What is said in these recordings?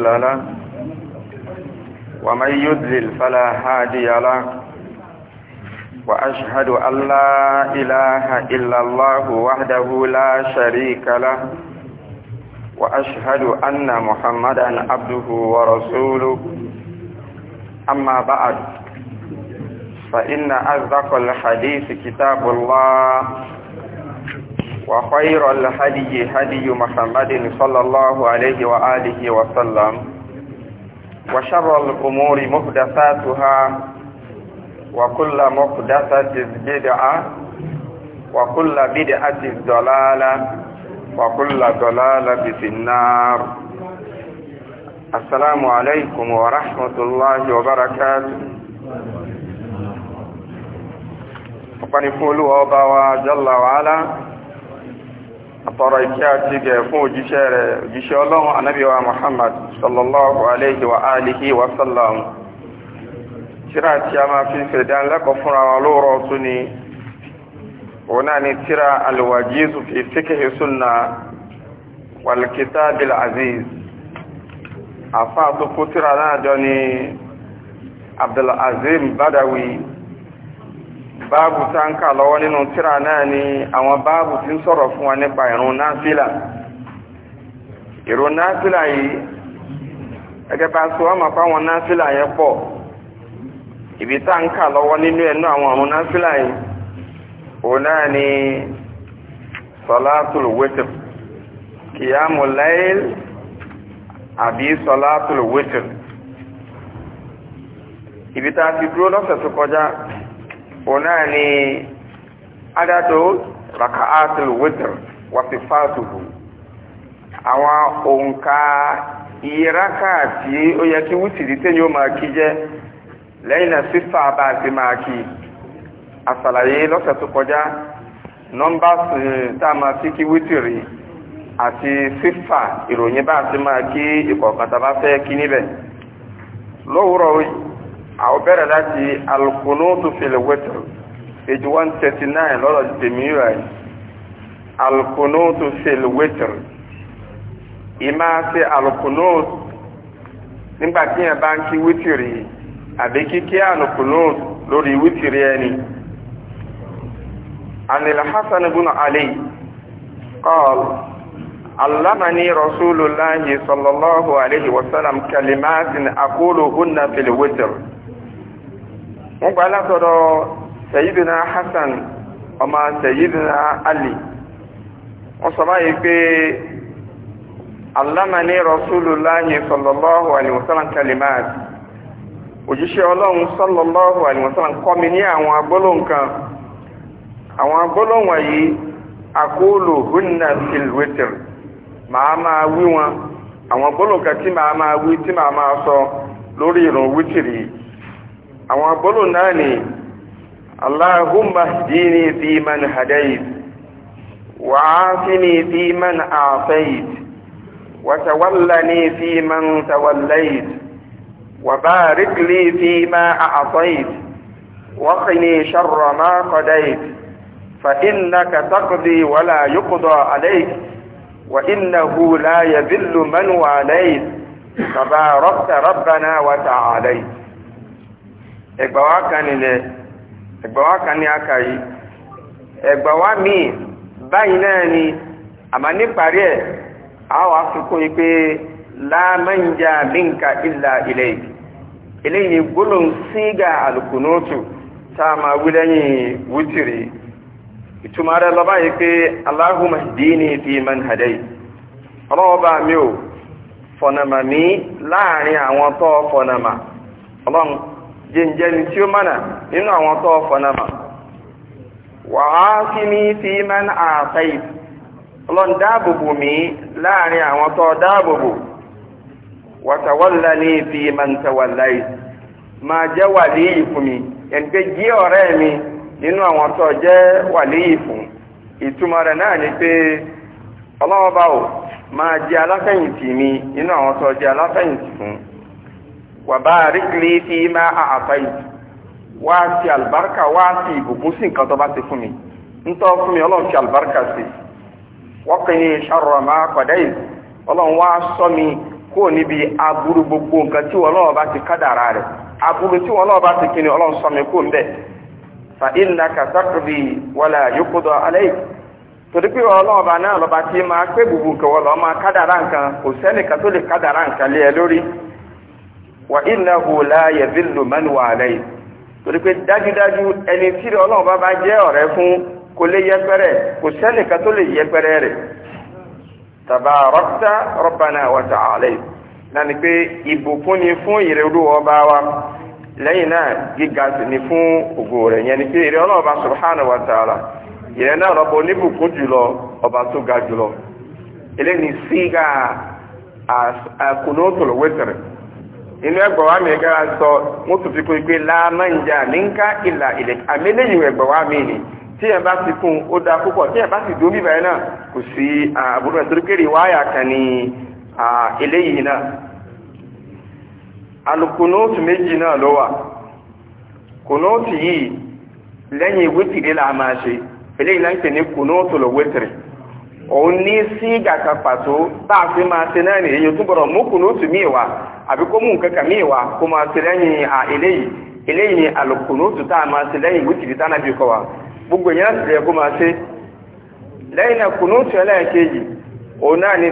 مضل له ومن يذل فلا هادي له وأشهد أن لا إله إلا الله وحده لا شريك له وأشهد أن محمدا عبده ورسوله أما بعد فإن أصدق الحديث كتاب الله وخير الهدي هدي محمد صلى الله عليه وآله وسلم وشر الأمور محدثاتها وكل محدثة بدعة وكل بدعة ضلالة وكل ضلالة في النار السلام عليكم ورحمة الله وبركاته وقال فولوا وبوا جل وعلا àtọ̀rọ̀ ìkẹ́ àti gẹ̀ fún òjíṣẹ́ rẹ̀ òjíṣẹ́ ọlọ́run anábíwá muhammad sallallahu alayhi wa alihi wa sallam tíra tí a máa fi fèdánlẹ́kọ̀ọ́ fúnra wọn lóòrọ̀ tún ni òun náà ni tíra alwajizu fi fikihi sunna walkitabil aziz àfáà tó kó tíra náà jọ ni abdulazim badawi báàbù tá ń kà lọ́wọ́ nínú tíra náà ni àwọn báàbù tí ń sọ̀rọ̀ fún wa nípa ìrun náfílà ìrun náfílà yìí gẹ́gẹ́ bá sọ wọ́n mọ̀ pé àwọn náfílà yẹn pọ̀ ibi tá ń kà lọ́wọ́ nínú ẹnu àwọn ìrun náfílà yìí òun náà ni sọláàtùl wítìr kìyàmù láìl àbí sọláàtùl wítìr ibi tá a ti dúró lọ́sẹ̀ tó kọjá òun náà raka'atul witr wa awa onka òǹkà iye rákà tí ó yẹ kí wítìrí tẹ́yìn ó ti máa kí àṣàlàyé lọ́sẹ̀ tó kọjá eh, tá a máa fi kí wítìrí àti sífà ìròyìn bá ti máa kí ìkọ̀ọ̀kan bá fẹ́ àwọn bẹ̀rẹ̀ láti alkunutu fil witr page one thirty nine lọ́dọ̀ tèmi rà yìí alkunutu fil witr ìmá ṣe alkunutu nígbà tí yẹn bá ń kí wítìrì àbí kíkí alkunutu lórí wítìrì ẹni. عن الحسن بن علي قال علمني رسول الله صلى الله عليه وسلم كلمات أقولهن في الوتر wọ́n gba látọ̀dọ̀ Sayyidina Hasan ọma Sayyidina Ali wọ́n sọ báyìí pé alámaní Rasulullahi sallallahu alaihi wasallam kalimat òjíṣẹ́ ọlọ́run sallallahu alaihi wasallam kọ́ mi ní àwọn agbólóhùn kan àwọn agbólóhùn wọ̀nyí akóòlò hunna silwetir màá máa wí wọn àwọn agbólóhùn kan tí màá máa wí tí màá máa sọ lórí àwọn gbólò náà ni Allahumma hdini fi man hadayt wa afini fi man afait wa tawallani fi man tawallait wa barik li fi ma a'tayt wa qini sharra ma qadait fa innaka taqdi wa la yuqda alayk wa innahu la yadhillu man walayt tabarakta rabbana wa ta'alayt ẹgbà wa kan nílẹ̀ aka yìí ẹgbà míì báyìí náà ni àmọ́ níparí àwọn afikún yìí pé láàmánjà minka ìlà ilẹ̀ yìí eléyìí gbólóhùn sígà àlùkùnútù tá a wútìrì ìtumọ̀ rẹ̀ yìí pé fi man hadayt ọlọ́wọ́ bá mi ò fọ̀nàmà mí láàrin àwọn fọ̀nàmà jẹ́njẹ́ni tí ó mọ̀nà nínú àwọn tó fọ̀nàmà wà á kí ní fi man àtàyè mi láàrin àwọn tó dáàbòbò wàtàwọ́lá ní fi man tàwàlá yìí ma jẹ́ fún mi ẹ̀ǹgbẹ́ jí ọ̀rẹ́ mi nínú àwọn tó jẹ́ wàlíyì fún ìtumọ̀ rẹ̀ náà ni pé ọlọ́wọ́ jẹ́ mi nínú àwọn tó jẹ́ aláfẹ̀yìntì wa barik li fi ma a'tayt wá sí àlùbáríkà wá sí ìbùkún sí nǹkan tó bá ti fún mi ntọ́ fún mi ọlọ́run fi àlùbáríkà sí wa sharra ma ọlọ́run wá mi kó níbi aburú gbogbo tí ọlọ́run bá ti kádàrá rẹ̀ aburú tí ọlọ́run bá ti kíni ọlọ́run ṣọ́ mi kó ń wala torí pé ọlọ́run bá náà lọ́ba tí máa pé gbogbo wọ́n lọ́ máa kò sẹ́nìkan tó wà innahu la yazillu man walayhi torí pé dájúdájú ẹni tí ọlọ́run bá bá jẹ́ ọ̀rẹ́ fún kò lè yẹpẹrẹ kò sẹ́nìkan tó lè yẹpẹrẹ rẹ̀ tabarakta rabbana wa ta'ala nani pé ìbùkún na fún ìrẹ́lú ọba wa lẹ́yìn náà gíga sì ni fún rẹ̀ yẹn ni pé ìrẹ́ ọlọ́run bá subhanahu wa náà rọ́bọ oníbùkún jùlọ ọba tó ga inú ẹgbọ̀ wa mi gára sọ mo tún fi kún pé láàmà ń jà ní ìlà ilẹ̀ àmẹ́lẹ́yìn ẹgbọ̀ wa mi ni tí ẹ bá ti kún ó da púpọ̀ tí ẹ bá ti dóbi báyìí náà kò sí àbúrò ẹ̀ torí kéré wáyà kan ní eléyìí náà alukunóòtù méjì náà ló wà kunóòtù yìí lẹ́yìn wítìrí là máa ṣe eléyìí náà ń pè ní lọ wítìrí òun ní sí gàkà pàtó fi máa ṣe náà nìyí tó gbọ́dọ̀ mú kùnúùtù míì wá àbí kó mú nǹkan kan míì wá kó máa ṣe lẹ́yìn à eléyìí a máa ṣe lẹ́yìn wítìrì tá a nàbí wa gbogbo ìyẹn láti lè kó máa ṣe lẹ́yìn náà kùnúùtù ẹlẹ́ẹ̀kejì òun náà ní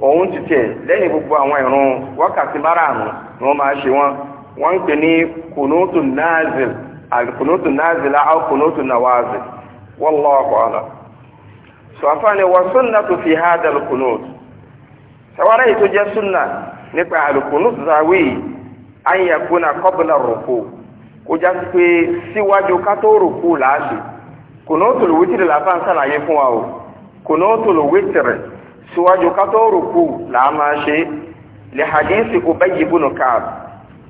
òun ti tẹ̀ lẹ́yìn gbogbo àwọn ìrun wákàtí márààrún ni wọ́n máa ṣe wọn, wọ́n ń pè ní kùnútù nazil alkùnútù nazila aw kùnútù nawazil wallahu a'lam sọ̀fáàni wa súnà tó fi ha dà lùkùnútù sàwárà yìí tó jẹ́ súnà nípa alkùnútù zàwí ayẹ̀kúnà qabla rùkú kó já sí pé síwájú ká tó o kùnútù lùwítìrì síwájú ká tó rùkú làá máa ṣe lè hadithi Ubay ibn Ka'b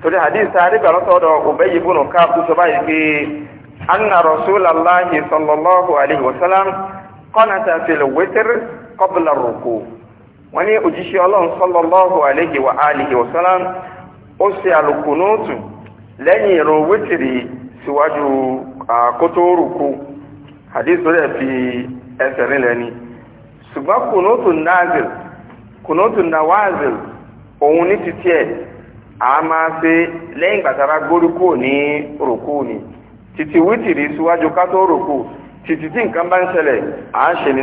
torí hadith sáré gbà lọ́tọ̀ọ̀dọ̀ Ubay ibn Ka'b tó sọ báyìí pé anna rasulallahi sallallahu alayhi wa sallam qanata fil witr qabla rùkú wọ́n ní òjíṣẹ́ ọlọ́run sallallahu alayhi wa alihi wa sallam ó ṣe àlùkùnúùtù lẹ́yìn ìrun wítìrì síwájú àkótó rùkú rẹ̀ fi ẹsẹ̀ rinlẹ̀ ni. ṣùgbọ́n kùnútù nazil kùnútù nawazil òun ní títí ẹ̀ a máa ṣe lẹ́yìn gbàtara górúkò ní ròkú ni títí wítìrí síwájú ká tó títí tí nǹkan bá ń ṣẹlẹ̀ à ń ṣe ní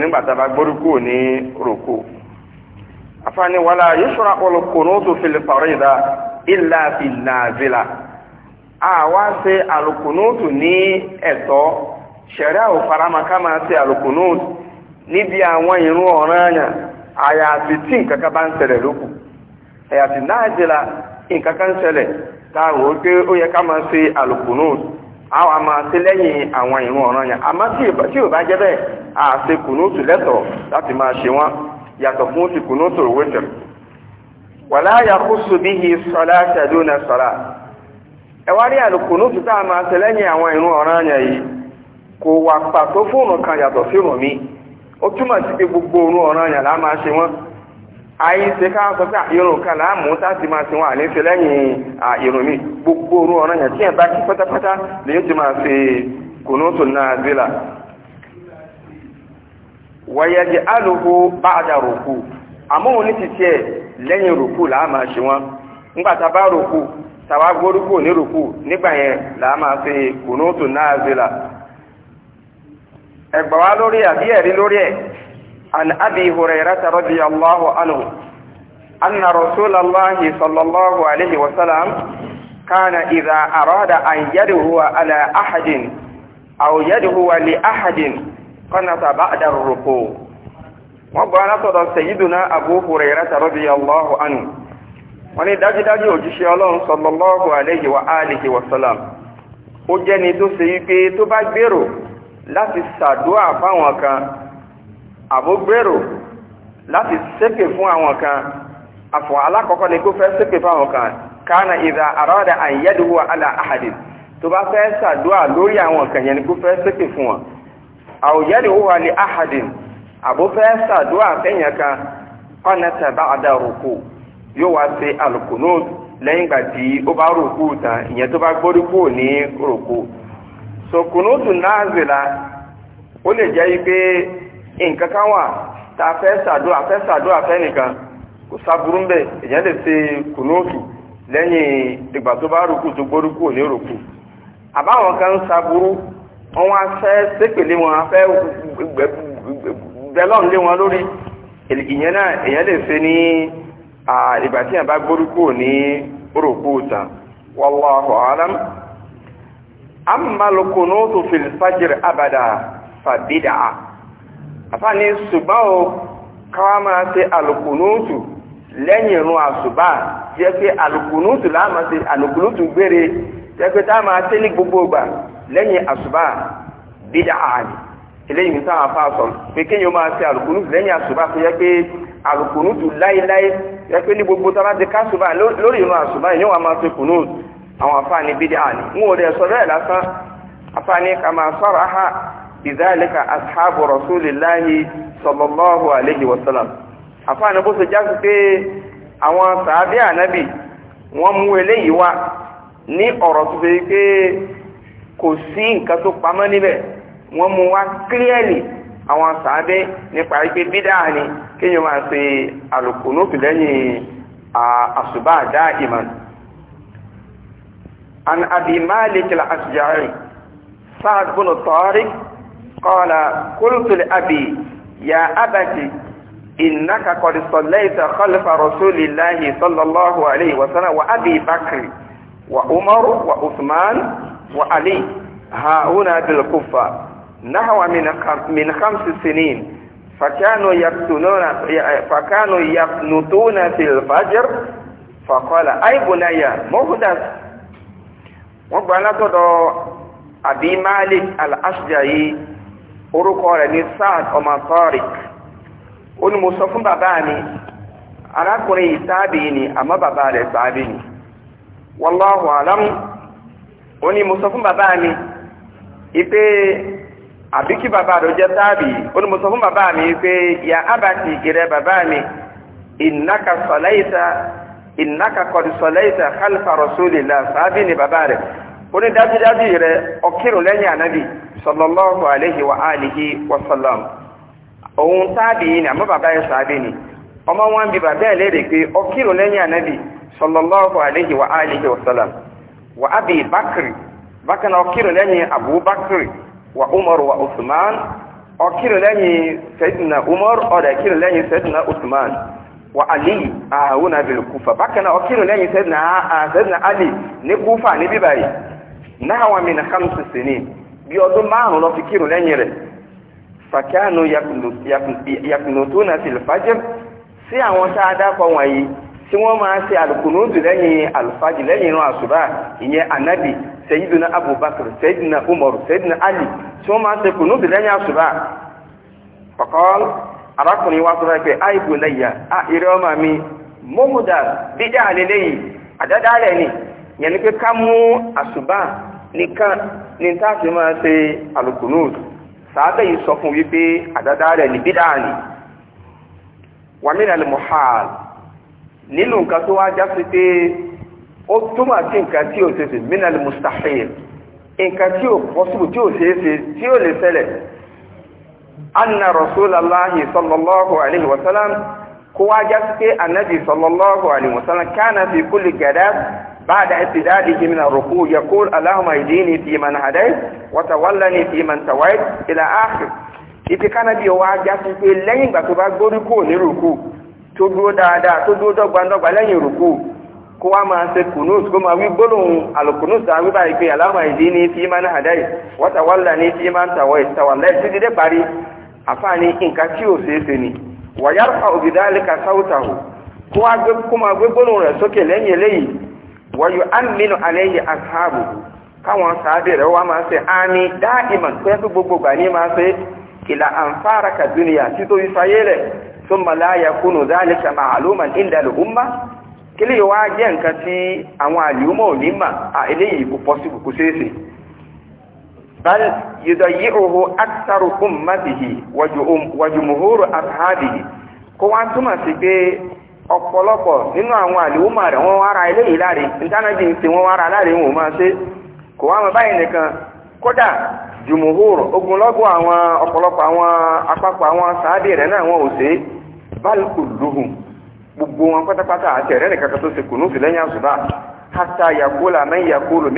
wala a wá ṣe alukunutu ní ẹ̀tọ́ ṣẹ̀ríà ò ká máa ṣe níbi àwọn ìrún ọ̀ranyàn àyàfi tí nǹkan bá ń ṣẹlẹ̀ lókù àyàfi náàjìlá nǹkan kan ṣẹlẹ̀ o pé ó yẹ ká máa ṣe àlùkùnú àwọn lẹ́yìn àwọn ìrún ọ̀ranyàn àmọ́ tí ò bá jẹ́ bẹ́ẹ̀ àṣe kùnúùtù láti máa ṣe wọ́n yàtọ̀ fún ti kùnúùtù bí i sọlá sọlá ẹwà rí àlùkùnúùtù a máa ṣe lẹ́yìn àwọn ìrún ọ̀ranyàn yìí kò otu túmọ̀ sí pé gbogbo orun ọ̀ràn àyàn láà máa ṣe wọ́n àyè ṣe ká sọ pé irun kan láà mú táàtì máa ṣe wọn àní lẹ́yìn gbogbo orun ọ̀ràn àyàn tí ẹ̀ bá kí pátápátá lèyìn tó máa ṣe kùnúùtù náà zílà wàyẹ̀dì alùpù bá àdà rùkù àmọ́ òní ti tiẹ̀ lẹ́yìn rùkù láà máa ṣe wọ́n ńgbà tá a bá rùkù tàwa gbórúkù ní rùkù ẹgbà wá lórí àbí ẹ̀rí lórí ẹ̀ an abi hurairata radiyallahu anhu anna rasulallahi sallallahu alaihi wasallam kana idha arada an yadhuwa ala ahadin aw yadhuwa li ahadin qanata ba'da ar-ruku wọ́n gbọ́ alátọ̀dọ̀ sayyiduna abu hurairata radiyallahu anhu wọ́n ní dájúdájú òjíṣẹ́ ọlọ́run sallallahu alaihi wa alihi wasallam ó jẹ́ni tó ṣe wípé tó bá gbèrò láti sàdúà fáwọn kan àbógbèrò láti ṣépè fún àwọn kan àfọ̀ alákọ̀ọ́kọ́ ni kó fẹ́ ṣépè fáwọn kan kánà ìdá àrọ́dà àyẹ́dùwọ̀ alà àhàdì tó bá fẹ́ sàdúà lórí àwọn kan yẹn ni kó fẹ́ ṣépè fún wọn àwòyẹ́dùwọ̀ alì àhàdì àbó fẹ́ sàdúà fẹ́yìn kan ọ̀nà tàbá àdá rúkú yóò wá sí alùkùnú lẹ́yìn gbà tí ó bá rúkú tán ìyẹn tó bá gbórí kúrò ní so kunutu náàzìlá ó lè jẹ́ ipé nǹkan kan wà tá a fẹ́ sàdúrà fẹ́ sàdúrà fẹ́ kò sáburú ń bẹ̀ èyàn lè ṣe kùnúùtù lẹ́yìn ìgbà tó bá rúkú tó rúkú àbáwọn kan ń wọn wá fẹ́ sépèlé wọn fẹ́ bẹ́lọ́n lé wọn lórí ìyẹn náà èyàn lè ṣe ní ìgbà tí amma lukunutu fil fajr abada fa bid'a afani suba o kama se alukunutu lẹ́yìn run àsùbá jẹ́ pé alukunutu la ma se alukunutu gbére jẹ́ pé ta ma se ní gbogbo gba lẹ́yìn àsùbá bid'a ni eléyìí ta afa sọ pé kéèyàn máa ṣe alukunutu lẹ́yìn àsùbá tó jẹ́ pé alukunutu láéláé jẹ́ lai ní gbogbo ni gbogbo ta ma ká àsùbá lori ìrun àsùbá yìí ni wọ́n máa kunutu àwọn afáàní bídí àní wọn ò dẹ̀ sọ bẹ́ẹ̀ lásán afáàní kama saraha bidhalika ashabu rasulillahi alayhi wa sallam afáàní bó ṣe jásí pé àwọn sàábí ànábì wọ́n mú eléyìí wá ní ọ̀rọ̀ tó fi pé kò sí nǹkan tó pamọ́ níbẹ̀ wọ́n mú wá ni kéèyàn máa ṣe àlòkù nóòtù àṣùbà dá ìmọ̀ عن أبي مالك الأشجعي سعد بن الطارق قال قلت لأبي يا أبت إنك قد صليت خلف رسول الله صلى الله عليه وسلم وأبي بكر وعمر وعثمان وعلي هؤلاء بالكفة نحو من من خمس سنين فكانوا يقتلون فكانوا يقنطون في الفجر فقال أي بني مهدث wọ́n gba látọ̀dọ̀ àbí malik al-ashja'i orúkọ rẹ̀ ní saad ọmọ tariq ó ní mo sọ fún bàbá mi arákùnrin yìí ni àmọ́ bàbá rẹ̀ sáàbì ni wallahu alam ó ní mo sọ fún bàbá mi ipe àbí kí bàbá rẹ̀ jẹ́ sáàbì ó ní mo sọ fún bàbá mi ipe ya abati ìrẹ́ bàbá mi innaka salaita ìnáka kọ̀dùsọ̀lẹ́ ìtà khalifa rasulillah sáábì ní bàbá rẹ̀ ó ní dájúdájú rẹ̀ ọkírun lẹ́yìn ànábì sallallahu alaihi wa alihi wa sallam òun sáábì yìí ni àmọ́ bàbá yẹn sáábì ni ọmọ wọn bí bàbá ẹ̀ léèrè pé ọkírun lẹ́yìn ànábì sallallahu alaihi wa alihi wa sallam wa abi Bakr bákan náà ọkírun lẹ́yìn abu Bakr wa umar wa usman ọkírun lẹ́yìn sayyidina umar ọ̀dà ọkírun lẹ́yìn sayyidina usman wa ali ahuna bil kufa bakana okiru lẹ́yìn sayyidina sayyidina ali ní kufa ní bibayi nahwa min khamsi sinin bí ọdún márùn ló fi kírun lẹ́yìn rẹ̀ fakanu yakunutuna fil fajr sí àwọn tá a si wọ̀nyí tí wọ́n máa ṣe alukunutu lẹ́yìn alfajr lẹ́yìn irun àṣùbà ìyẹn anabi sayyidina abubakar sayyidina umar sayyidina ali tí wọ́n máa ṣe kunutu lẹ́yìn àṣùbà faqala arákùnrin wá sọ pé àìbò lẹ́yà á eré ọmọ mi mọ́múdà bídà lélẹ́ yìí àdádálẹ̀ ni yẹn ni pé ká mú àṣùbà nìkan ní táàtì máa ṣe àlùkùnúùsù sàábẹ̀ yìí sọ fún wípé àdádálẹ̀ ni bídà ni wàmínà lè mọ̀hàl nínú nǹkan tó wá já sí pé ó túmọ̀ sí nǹkan tí ò ṣe ṣe mínà mustahil nǹkan tí ò pọ́sibù tí ò ṣe é ṣe tí ò lè ṣẹlẹ̀ anna rasulallahi sallallahu alaihi wasallam kuwa jaske annabi sallallahu alaihi wasallam kana fi kulli gadat ba'da ibtidadihi min ar-ruku' yaqul allahumma idini fi man hadayt wa tawallani fi man tawayt ila akhir itikana bi wa jaske pé lẹ́yìn gbà tó bá gori ko ní ruku tó dúró dáadáa tó dúró dọ́gba dọ́gba lẹ́yìn ruku kó wá máa ṣe kùnúùsù kó máa wí gbólóhùn àlùkùnúùsù àwọn ibà ìpè aláwọ̀ ìdí ní tí máa ń hàdáyì wọ́tàwálà ní tí máa ń tàwọ̀ ìtàwàlẹ́ Afaani nǹkan tí ò ṣeé ni wàyárfà òbídálẹ́ka sáwùtàwù kó wá gbé kó máa gbé gbónú rẹ̀ sókè lẹ́yìn eléyìí wàyù ámìnú àlẹ́yìn àsáàbù káwọn sáàbì rẹ̀ wá máa ṣe àmì dáìmọ̀ tó yẹ kó gbogbo gbà ní máa ṣe kìlà àǹfààrà kàdúnìyà títò ìfayé rẹ̀ tó màláyà kúnnù dálẹ́ka màálùmá ìdàlù umma kílè wá jẹ́ nǹkan tí àwọn àlùmọ̀ ò ní mà à eléyìí kò pọ́sibù kò ṣeé بل يضيعه أكثر أمته وجمهور أصحابه كو أنتم سيبي ọ̀pọ̀lọpọ̀ nínú àwọn àlèwòmà rẹ̀ ninu wá ra eléyìí láre ìtànàjì ti wọ́n wá ra láre wọn máa ṣe kò wá mọ̀ báyìí nìkan kódà jùmùhúr ogunlọ́gọ̀ àwọn awọn àwọn awọn àwọn sàádì rẹ̀ náà wọn ò ṣe gbogbo wọn pátápátá àti ẹ̀rẹ́ nìkan kan tó ṣe kùnú yàgòlà mẹ́yàgòlò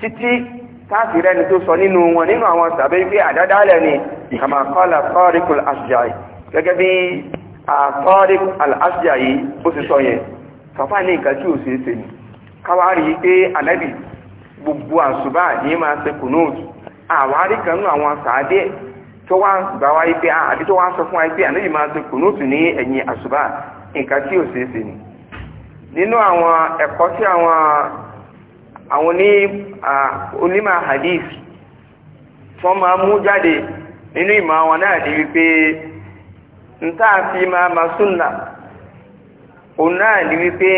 títí káàsì rẹ̀ ni tó sọ nínú wọn nínú àwọn sàbẹ́ pé àdádálẹ̀ ni kama qala Tariq al-Ashja'i gẹ́gẹ́ bí Tariq al-Ashja'i ó ti sọ yẹn kàfà ní nǹkan tí ò ṣeé ṣe ni káwárí pé ànábì gbogbo àṣùbà ní máa ṣe kùnúùtù àwárí kan nínú àwọn sàádé tó wá gbà wáyé pé àbí tó wá sọ fún wa pé ànábì máa ṣe kùnúùtù ní ẹ̀yìn àṣùbà nǹkan tí ò ni nínú àwọn ẹ̀kọ́ tí àwọn àwọn onímọ̀ hadith fọ́n ma mú jáde nínú ìmọ̀ àwọn náà di wípé ń táà fi máa ma súnà òun náà ni wípé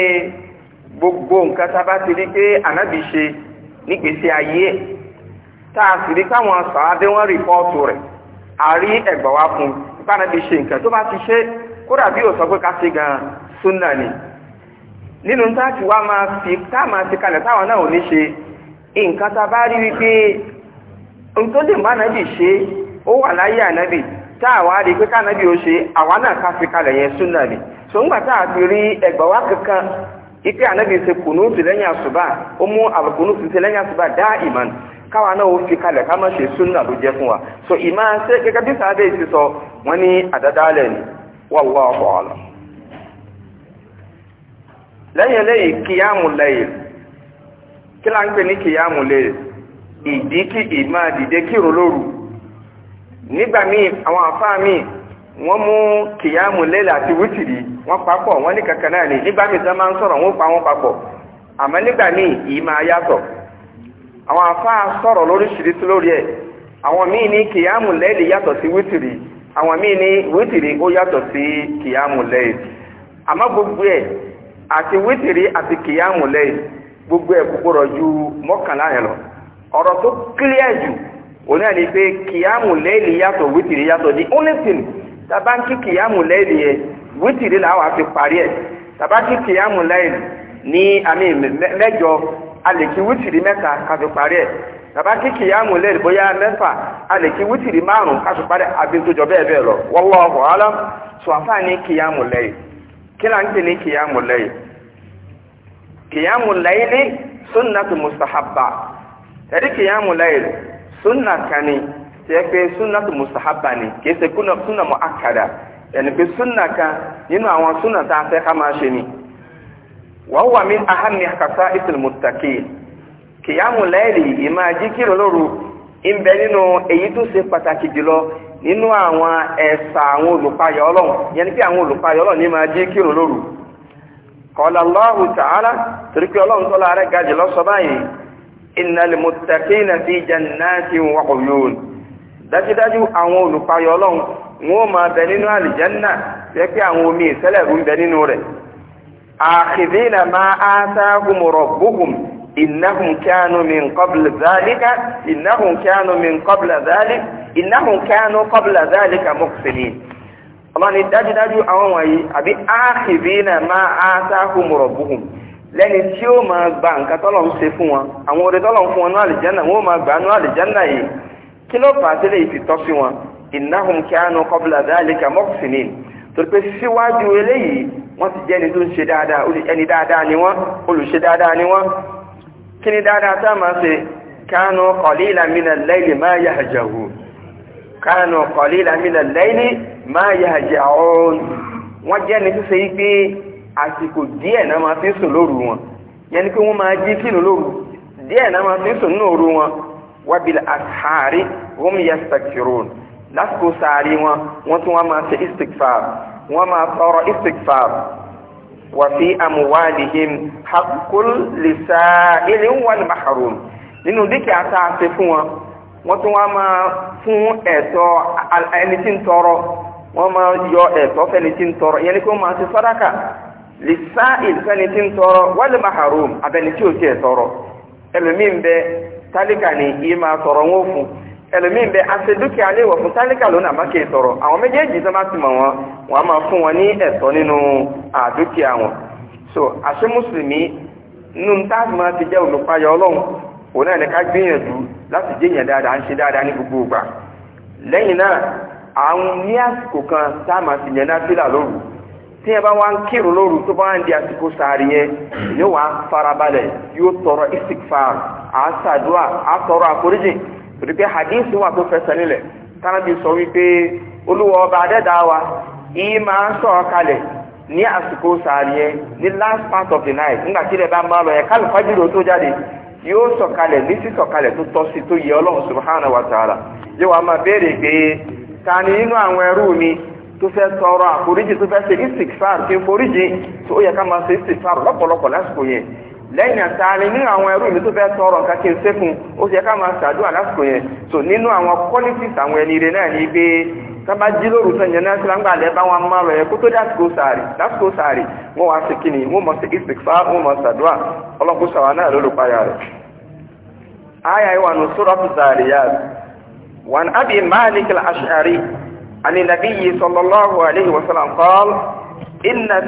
gbogbo nǹkan tá a bá ti rí pé ànábì ṣe nígbèsè ayé ẹ̀ tá a sì rí káwọn sàábé wọn rìpọ́ọ̀tù rẹ̀ àrí ẹ̀gbọ́n wa fún un nípa ṣe nǹkan tó bá ti ṣe kódà bí ò sọ pé ká ṣe gan-an ni. nínú táàkì wá máa fi ká ma fi kalẹ̀ táwọn náà ò ní ṣe nǹkan tá a bá rí wípé n tó lè má nábì ṣe ó wà láyé ànábì tá rí pé ó ṣe náà ká fi kalẹ̀ yẹn súnà ni ṣòǹgbà tá a fi rí ẹgbà kankan ipe ànábì ṣe kùnúùtù lẹ́yìn àṣùbà ó mú àbùkùnúùtù ṣe lẹ́yìn àṣùbà dá ìmọ̀nù káwa náà ó fi kalẹ̀ ká se ṣe súnà ló jẹ́ fún wa so ìmáa ṣe gẹ́gẹ́ bí wọ́n ní àdádálẹ̀ ni lẹ́yìn eléyìí kìyàmù lẹ́yìn kí là ń pè ní kìyàmù ìdí kí ìmá dìde lóru nígbà míì àwọn àfáà míì wọ́n mú kìyàmù àti wítìrì wọ́n papọ̀ wọ́n ní kankan náà ní nígbà míì sọ máa ń wọ́n pa wọ́n papọ̀ àmọ́ nígbà míì yàtọ̀ àwọn àfáà sọ̀rọ̀ lóríṣiríṣi lórí ẹ̀ àwọn míì ní kìyàmù yàtọ̀ sí àwọn míì ní ó yàtọ̀ sí àti wítìrí àti kìyàmù lẹ́yìn gbogbo ẹ̀ gbogbo rọ̀ ju mọ́kànlá yẹn lọ ọ̀rọ̀ tó clear jù òun náà ni pé kìyàmù lẹ́yìn yàtọ̀ wítìrí yàtọ̀ the only thing tàbá ń kí kìyàmù lẹ́yìn yẹn wítìrí làwọn àti parí ẹ̀ tàbá kí kìyàmù lẹ́yìn ní àmì mẹ́jọ a lè kí wítìrí mẹ́ta kàfi parí ẹ̀ tàbá kí kìyàmù lẹ́yìn bóyá mẹ́fà a wítìrí márùn-ún kàfi parí àbí tó jọ bẹ́ẹ̀ bẹ́ẹ̀ lọ wallahu alam sọ àfáà ní kìyàmù lẹ́yìn kí là ń pè ní kìyàmù lẹ́yìn kìyàmù lẹ́yìn ní sunnatu mustahabba ẹ̀rí kìyàmù lẹ́yìn sunna kan ni tí ẹ pé sunnatu mustahabba ni kì í ṣe kúnà sunna mu'akkada ẹni pé sunna kan nínú àwọn sunna tá a fẹ́ ká máa ṣe ni wa huwa min ahammi khasa'ithil muttaqin kìyàmù lẹ́yìn ìmáa jí kírò lóru ń bẹ nínú èyí tó ṣe pàtàkì nínú àwọn ẹ̀sà àwọn olùpayọ̀ ọlọ́run yẹn ni pé àwọn olùpayọ̀ ọlọ́run ní máa jẹ́ kírun lóru qala Allahu ta'ala torí pé ọlọ́run tọ́lá rẹ̀ gajì lọ́sọ báyìí innal muttaqina fi jannatin wa uyun dájúdájú àwọn olùpayọ̀ ọlọ́run wọn ó máa bẹ nínú àlìjẹ́nà إنهم كانوا من قبل ذلك إنهم كانوا من قبل ذلك إنهم كانوا قبل ذلك مقسمين ọlọ́run ni dájúdájú àwọn wọ̀nyí àbí áàkìbínà máa áàtàkùn rọ̀bùhùn lẹ́ni tí ó máa gba nǹkan tọ́lọ̀ ń ṣe fún wọn àwọn orí tọ́lọ̀ ń fún wọn ní àlìjánà wọn ó máa gbà ní àlìjánà yìí kí ló fà á sílẹ̀ ìfìtọ́ sí wọn innahum kanu qabla dhalika muhsinin torí pé síwájú eléyìí wọ́n ti jẹ́ ẹni tó ń ṣe dáadáa ẹni dáadáa ni wọ́n olùṣe dáadáa ni wọ́n kí ni dáadáa tá máa ṣe kánú kọ̀lílà mínà lẹ́yìn máa yà jàwó kánú kọ̀lílà mínà lẹ́yìn máa yà jàwó wọ́n jẹ́ ní ṣíṣe yí pé àsìkò díẹ̀ náà máa fi ń sùn lóru wọn yẹn ni pé wọ́n máa jí sínú lóru díẹ̀ náà máa fi sùn nínú òru wọn wábìlì àtàrí wọ́n mi yẹ spectrum lásìkò sáàrí wọn wọ́n tún wọ́n máa ṣe istikfar wọ́n máa tọrọ istikfar wàfi amuwalihim hakul lisa ilin wal mahrum nínú dúkìá ta a ṣe fún wọn wọ́n tún wá máa fún ẹ̀tọ́ ẹni tí ń tọrọ yọ tí ń tọrọ ìyẹn ni kó máa ṣe sàdákà lisa tí ń tọrọ wal mahrum abẹni tí ò tiẹ̀ tọrọ ẹlòmíín bẹ tálíkà ni yìí máa tọrọ wọn fún ẹlòmíì bẹ àṣẹ dúkìá lè wọ̀ fún tálíkà lónà má kì í àwọn méjèèjì tó bá ti wọn wọn a máa fún wọn ní nínú àdúkìá wọn so àṣẹ mùsùlùmí nínú táàbù máa ti jẹ olùpayọ̀ ọlọ́run òun náà ní ká gbìyànjú láti jẹ́yàn dáadáa ń ṣe dáadáa ní gbogbo ìgbà náà àwọn a máa ti yẹn náà fílà lóru tí bá wá ń kírun lóru tó bá ń di àsìkò yẹn yóò wá yóò tọrọ torí hadith wà tó fẹsẹ̀ nílẹ̀ tánàbí sọ wípé ọba adẹ́dá wa yìí máa ń sọ̀rọ̀ kalẹ̀ ní àsìkò sàárì ní last part of the night nígbà tí ilẹ̀ bá máa lọ yẹn kálífà jùlọ tó jáde yóò sọ̀kalẹ̀ ní sísọ̀kalẹ̀ tó tọ́ sí tó yẹ ọlọ́run subhanahu wa ta'ala yóò wá máa béèrè pé ta ni nínú àwọn ẹrú mi tó fẹ́ tọrọ àforíjì tó fẹ́ istikfar foríjì tó yẹ ká máa istikfar lọ́pọ̀lọpọ̀ lásìkò lẹ́yìn àtàrí nínú àwọn ẹrú mi tó fẹ́ sọ̀rọ̀ nǹkan kí n sékun ó ṣe ká máa ṣàdúrà so nínú àwọn qualities àwọn ẹni rẹ náà ní pé tábà jí lóru tó yẹn náà síláńgbà lẹ bá wọn máa lọ yẹ kó tó dásìkò sàárì wọn wá sí kíni wọn mọ sí ìsìkfà wọn ṣàdúrà ọlọ́kùn náà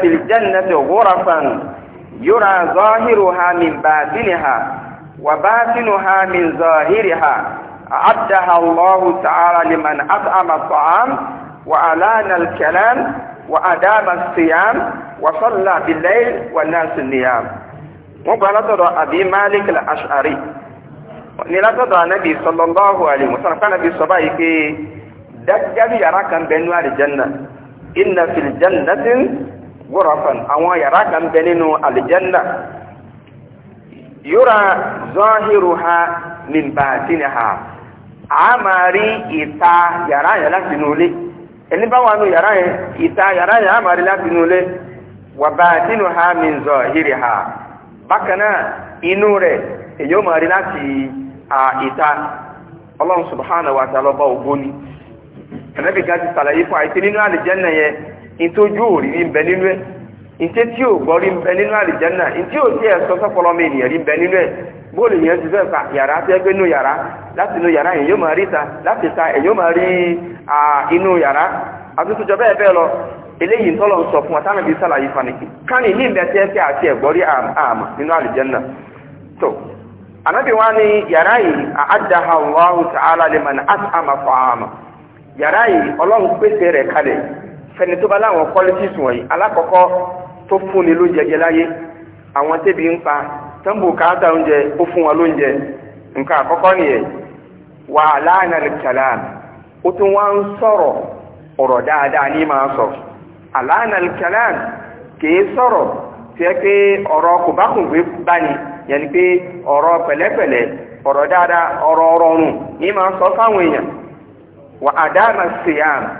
payà rẹ̀. يرى ظاهرها من باطنها وباطنها من ظاهرها عدها الله تعالى لمن أطعم الطعام وألان الكلام وأدام الصيام وصلى بالليل والناس النيام مبالغة أبي مالك الأشعري ní látọ̀dọ̀ صلى الله عليه وسلم قال sọ báyìí pé dájábì yàrá دجل يراكم nú الجنة إن في الجنة gọ́rọ̀fàn àwọn yàrá kan bẹ nínú àlìjẹ́ndà yóra zọ́hírù ha ní bàtí ni ha a máa rí ìta yàrá yẹn láti inú ẹni bá wà nù yàrá yẹn ìta yàrá yẹn a máa rí láti ha ní zọ́hírì ha bákan inú rẹ̀ èyí ó máa rí láti ìta ọlọ́run ta'ala ògbóni ẹ̀nẹ́bí gáàsì sàlàyé fún àìsí nínú ìtọ́jú òrìrí ń bẹ nínú ẹ̀ o tí ò gbọ́ rí ń bẹ nínú ò tí sọ mi ènìyàn rí ń bẹ nínú ẹ̀ bóòlù yẹn ti fẹ́ fa yàrá tẹ́ gbé nínú yàrá láti inú yàrá èyàn máa rí ta láti ta èyàn máa rí inú yàrá àtúntújọ bẹ́ẹ̀ bẹ́ẹ̀ lọ eléyìí tọ́lọ̀ ń sọ fún wa táwọn ibi sàlàyé kánì ní tí àti rí àmà nínú tó ni yàrá yìí fa'ama yàrá yìí ọlọ́run fẹni tó bá láwọn qualities wọ̀nyí alákọ̀ọ́kọ́ tó fúnni ló jẹjẹ láyé àwọn tẹ́bi ń pa tẹ́ǹbù káàtà oúnjẹ ó fún wọn lóúnjẹ nǹkan àkọ́kọ́ nìyẹn wà láàánà lẹ́kìtàlá ó tún wá ń sọ̀rọ̀ ọ̀rọ̀ dáadáa ní máa sọ àláàánà lẹ́kìtàlá kìí sọ̀rọ̀ tí ẹ pé kò bá kùn gbé yẹn ni pé dáadáa ní máa sọ fáwọn èèyàn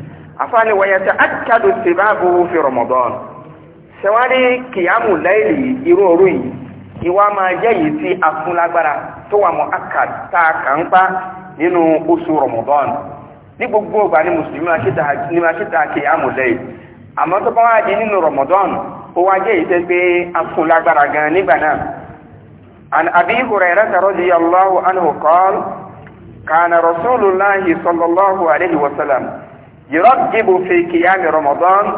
àfáàní wọ̀nyẹ tẹ àkàdù sí bá bò fi rọmọdọ́n ṣẹwárí kìyàmù láìlì irú òru yìí ìwà máa jẹ́ yìí tí a fún lágbára tó wà mọ́ àkàdù tá a kà ń pa nínú oṣù rọmọdọ́n ní ni máa ṣe ta kìyàmù láìlì àmọ́ di nínú rọmọdọ́n ó wá jẹ́ yìí tẹ́ pé gan nígbà náà عن أبي هريرة رضي الله عنه قال كان رسول الله صلى الله عليه وسلم يرغب في قيام رمضان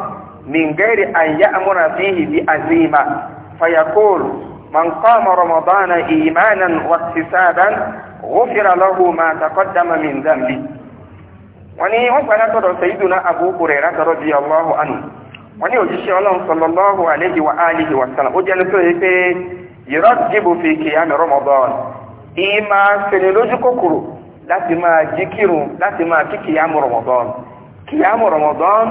من غير أن يأمر فيه بأزيمة فيقول من قام رمضان إيمانا واكتسابا غفر له ما تقدم من ذنبه wọ́n ní wọ́n gbà látọ̀dọ̀ sayiduna Abu Hurairah radiyallahu anhu wọ́n ní òjíṣẹ́ ọlọ́run sallallahu alayhi wa alihi wa sallam ó jẹ́ ní tó yẹ pé yurajjibu fi qiyam Ramadan ìyí máa lójú kòkòrò láti máa jí kírun láti máa kí qiyam Ramadan kìyàmù Ramadan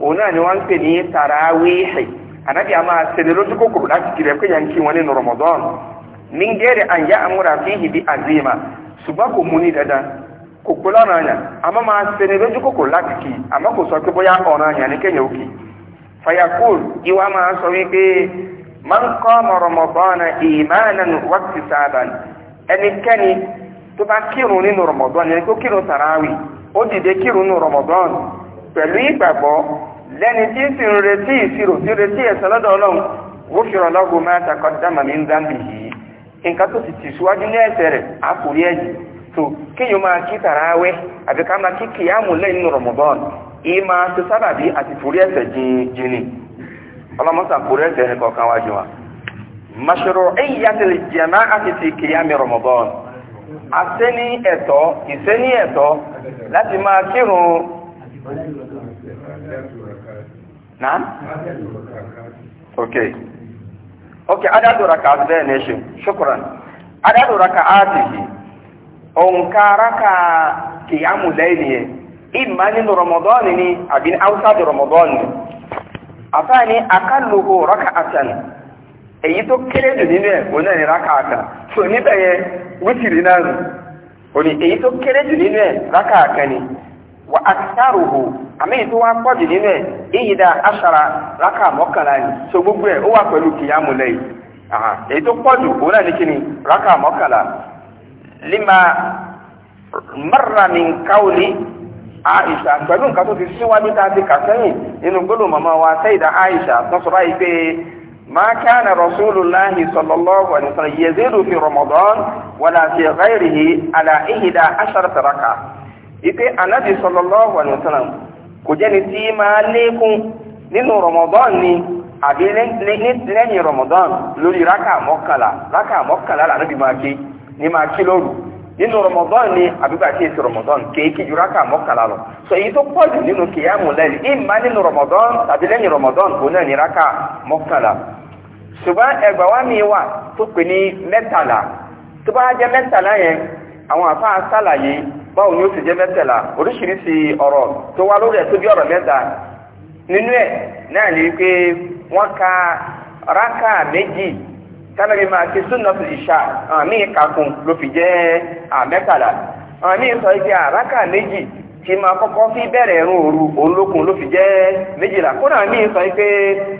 òun náà ni wọ́n ń pè ní tàràwíhì ànábì àmà ṣẹlẹ̀ lójú kòkòrò láti kiri ẹ̀kọ́ yẹn kí wọ́n nínú Ramadan ní gẹ́rẹ́ àyà àmúra fíhì bí àzima ṣùgbọ́n kò mú ní dandan kò pé lọ́nà àyàn àmọ́ máa ṣẹlẹ̀ lójú kòkòrò láti kì í kò sọ pé bóyá ọ̀nà àyàn ní kéèyàn ó fayakul ìwà máa sọ wípé man qama Ramadan ó dìde kírun nù Ramadan pẹ̀lú ìgbàgbọ́ lẹ́ni tí sì ń retí ìṣirò tí retí ẹ̀san lọ́dọ̀ ọlọ́run wó fi rọ̀ lọ́gùn máa takọ̀ dámà ní ndámbì yìí nǹkan tó ti tì síwájú ní ẹ̀ṣẹ̀ rẹ̀ á kò rí ẹ̀jì tó kéèyàn máa kí tàràwẹ́ àbí ká máa kí kìyàmù lẹ́yìn nù Ramadan ìyí máa ṣe sábàbí àti forí asẹ́ ní ẹ̀tọ́ ìsẹ́ ní ẹ̀tọ́ láti máa kírun náà ok ok adádùra ka àti bẹ́ẹ̀ ní ṣe ṣukran adádùra ka àti yìí òǹkàrà ka kìyàmù lẹ́yìn yẹn ìmá nínú rọmọdọ́ọ̀nì ni àbí ní áwùsáàdì rọmọdọ́ọ̀nì àfáà ní akálùkù rọ́kà àtàn èyí tó kéré jù nínú ẹ̀ òun náà ni rákàkà so níbẹ̀ yẹn wítìrì náà nù eyi èyí tó kéré jù nínú ẹ̀ rákàkà ni wà á sáró hù àmì èyí tó wá pọ̀ jù nínú ẹ̀ èyí dá aṣara rákà mọ́kànlá ni so gbogbo ẹ̀ ó wà pẹ̀lú kìyàmù lẹ́yìn èyí tó pọ̀ jù òun náà lima marra min kauli aisha pẹ̀lú nǹkan tó ti síwájú tá a ti kà sẹ́yìn nínú gbọ́dọ̀ wa sẹ́yìn dá báyìí pé ما كان رسول الله صلى الله عليه وسلم يزيد في رمضان ولا في غيره على إحدى عشرة ركعة ipe anabi sallallahu alaihi wasallam kò jẹ́ni tí máa lékún nínú ramadan ni àbí lẹ́yìn ramadan lórí rákà mọ́kànlá rákà mọ́kànlá lànàbí máa ké ní máa kí lóru nínú rọmọdán ni àbígbà tí èsì rọmọdán kìí kí jùrákà mọkala lọ sọ èyí tó pọ̀ jù nínú kìyàmù lẹ́yìn ìmá nínú rọmọdán tàbí lẹ́yìn rọmọdán òun náà ní rákà mọ́kànlá ṣùgbọ́n ẹgbà wa mi wà tó pè ní mẹ́tàlá tó bá jẹ́ mẹ́tàlá yẹn àwọn àfa sàlàyé báwo ni ó ti jẹ́ mẹ́tàlá oríṣiríṣi ọ̀rọ̀ tó wá lórí ẹ̀ tó bí ọ̀rọ̀ mẹ́ta nínú ẹ̀ kámẹ́rì máa ṣe súnàtù ìṣà àmì ìkàkùn ló fi jẹ́ àmẹ́kàlà àmì sọ ike àràkà méjì tí máa kọ́kọ́ fi bẹ̀rẹ̀ ẹ̀rùn òru olókun ló fi jẹ́ méjìlá kó náà mí sọ ike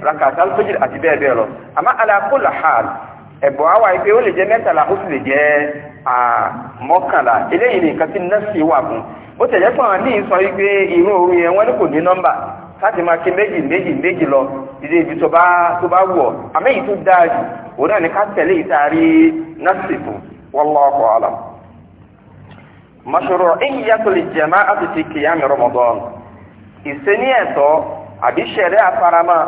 rakàtà lójì àti bẹ́ẹ̀ bẹ́ẹ̀ lọ àmọ́ alákòlà hàn ẹ̀bọ̀ àwa ike ó lè jẹ́ mẹ́tàlá ó sì lè jẹ́ mọ́kànlá eléyìí nìkan tí nọ́ọ̀sì wà fún bó tẹ̀lé fún àwọn míì sọ ìrún òru yẹn wọ́n ní kò láti máa ṣe méjì méjì lọ ìdí ibi tó bá tó bá tó dáa jù òun náà ní ká tẹ̀lé ìtaari nọ́ọ̀sì fún wallahu alam. fi qiyam Ramadan ìsẹ́ni ẹ̀tọ́ àbí ṣẹ̀rẹ́ àfarama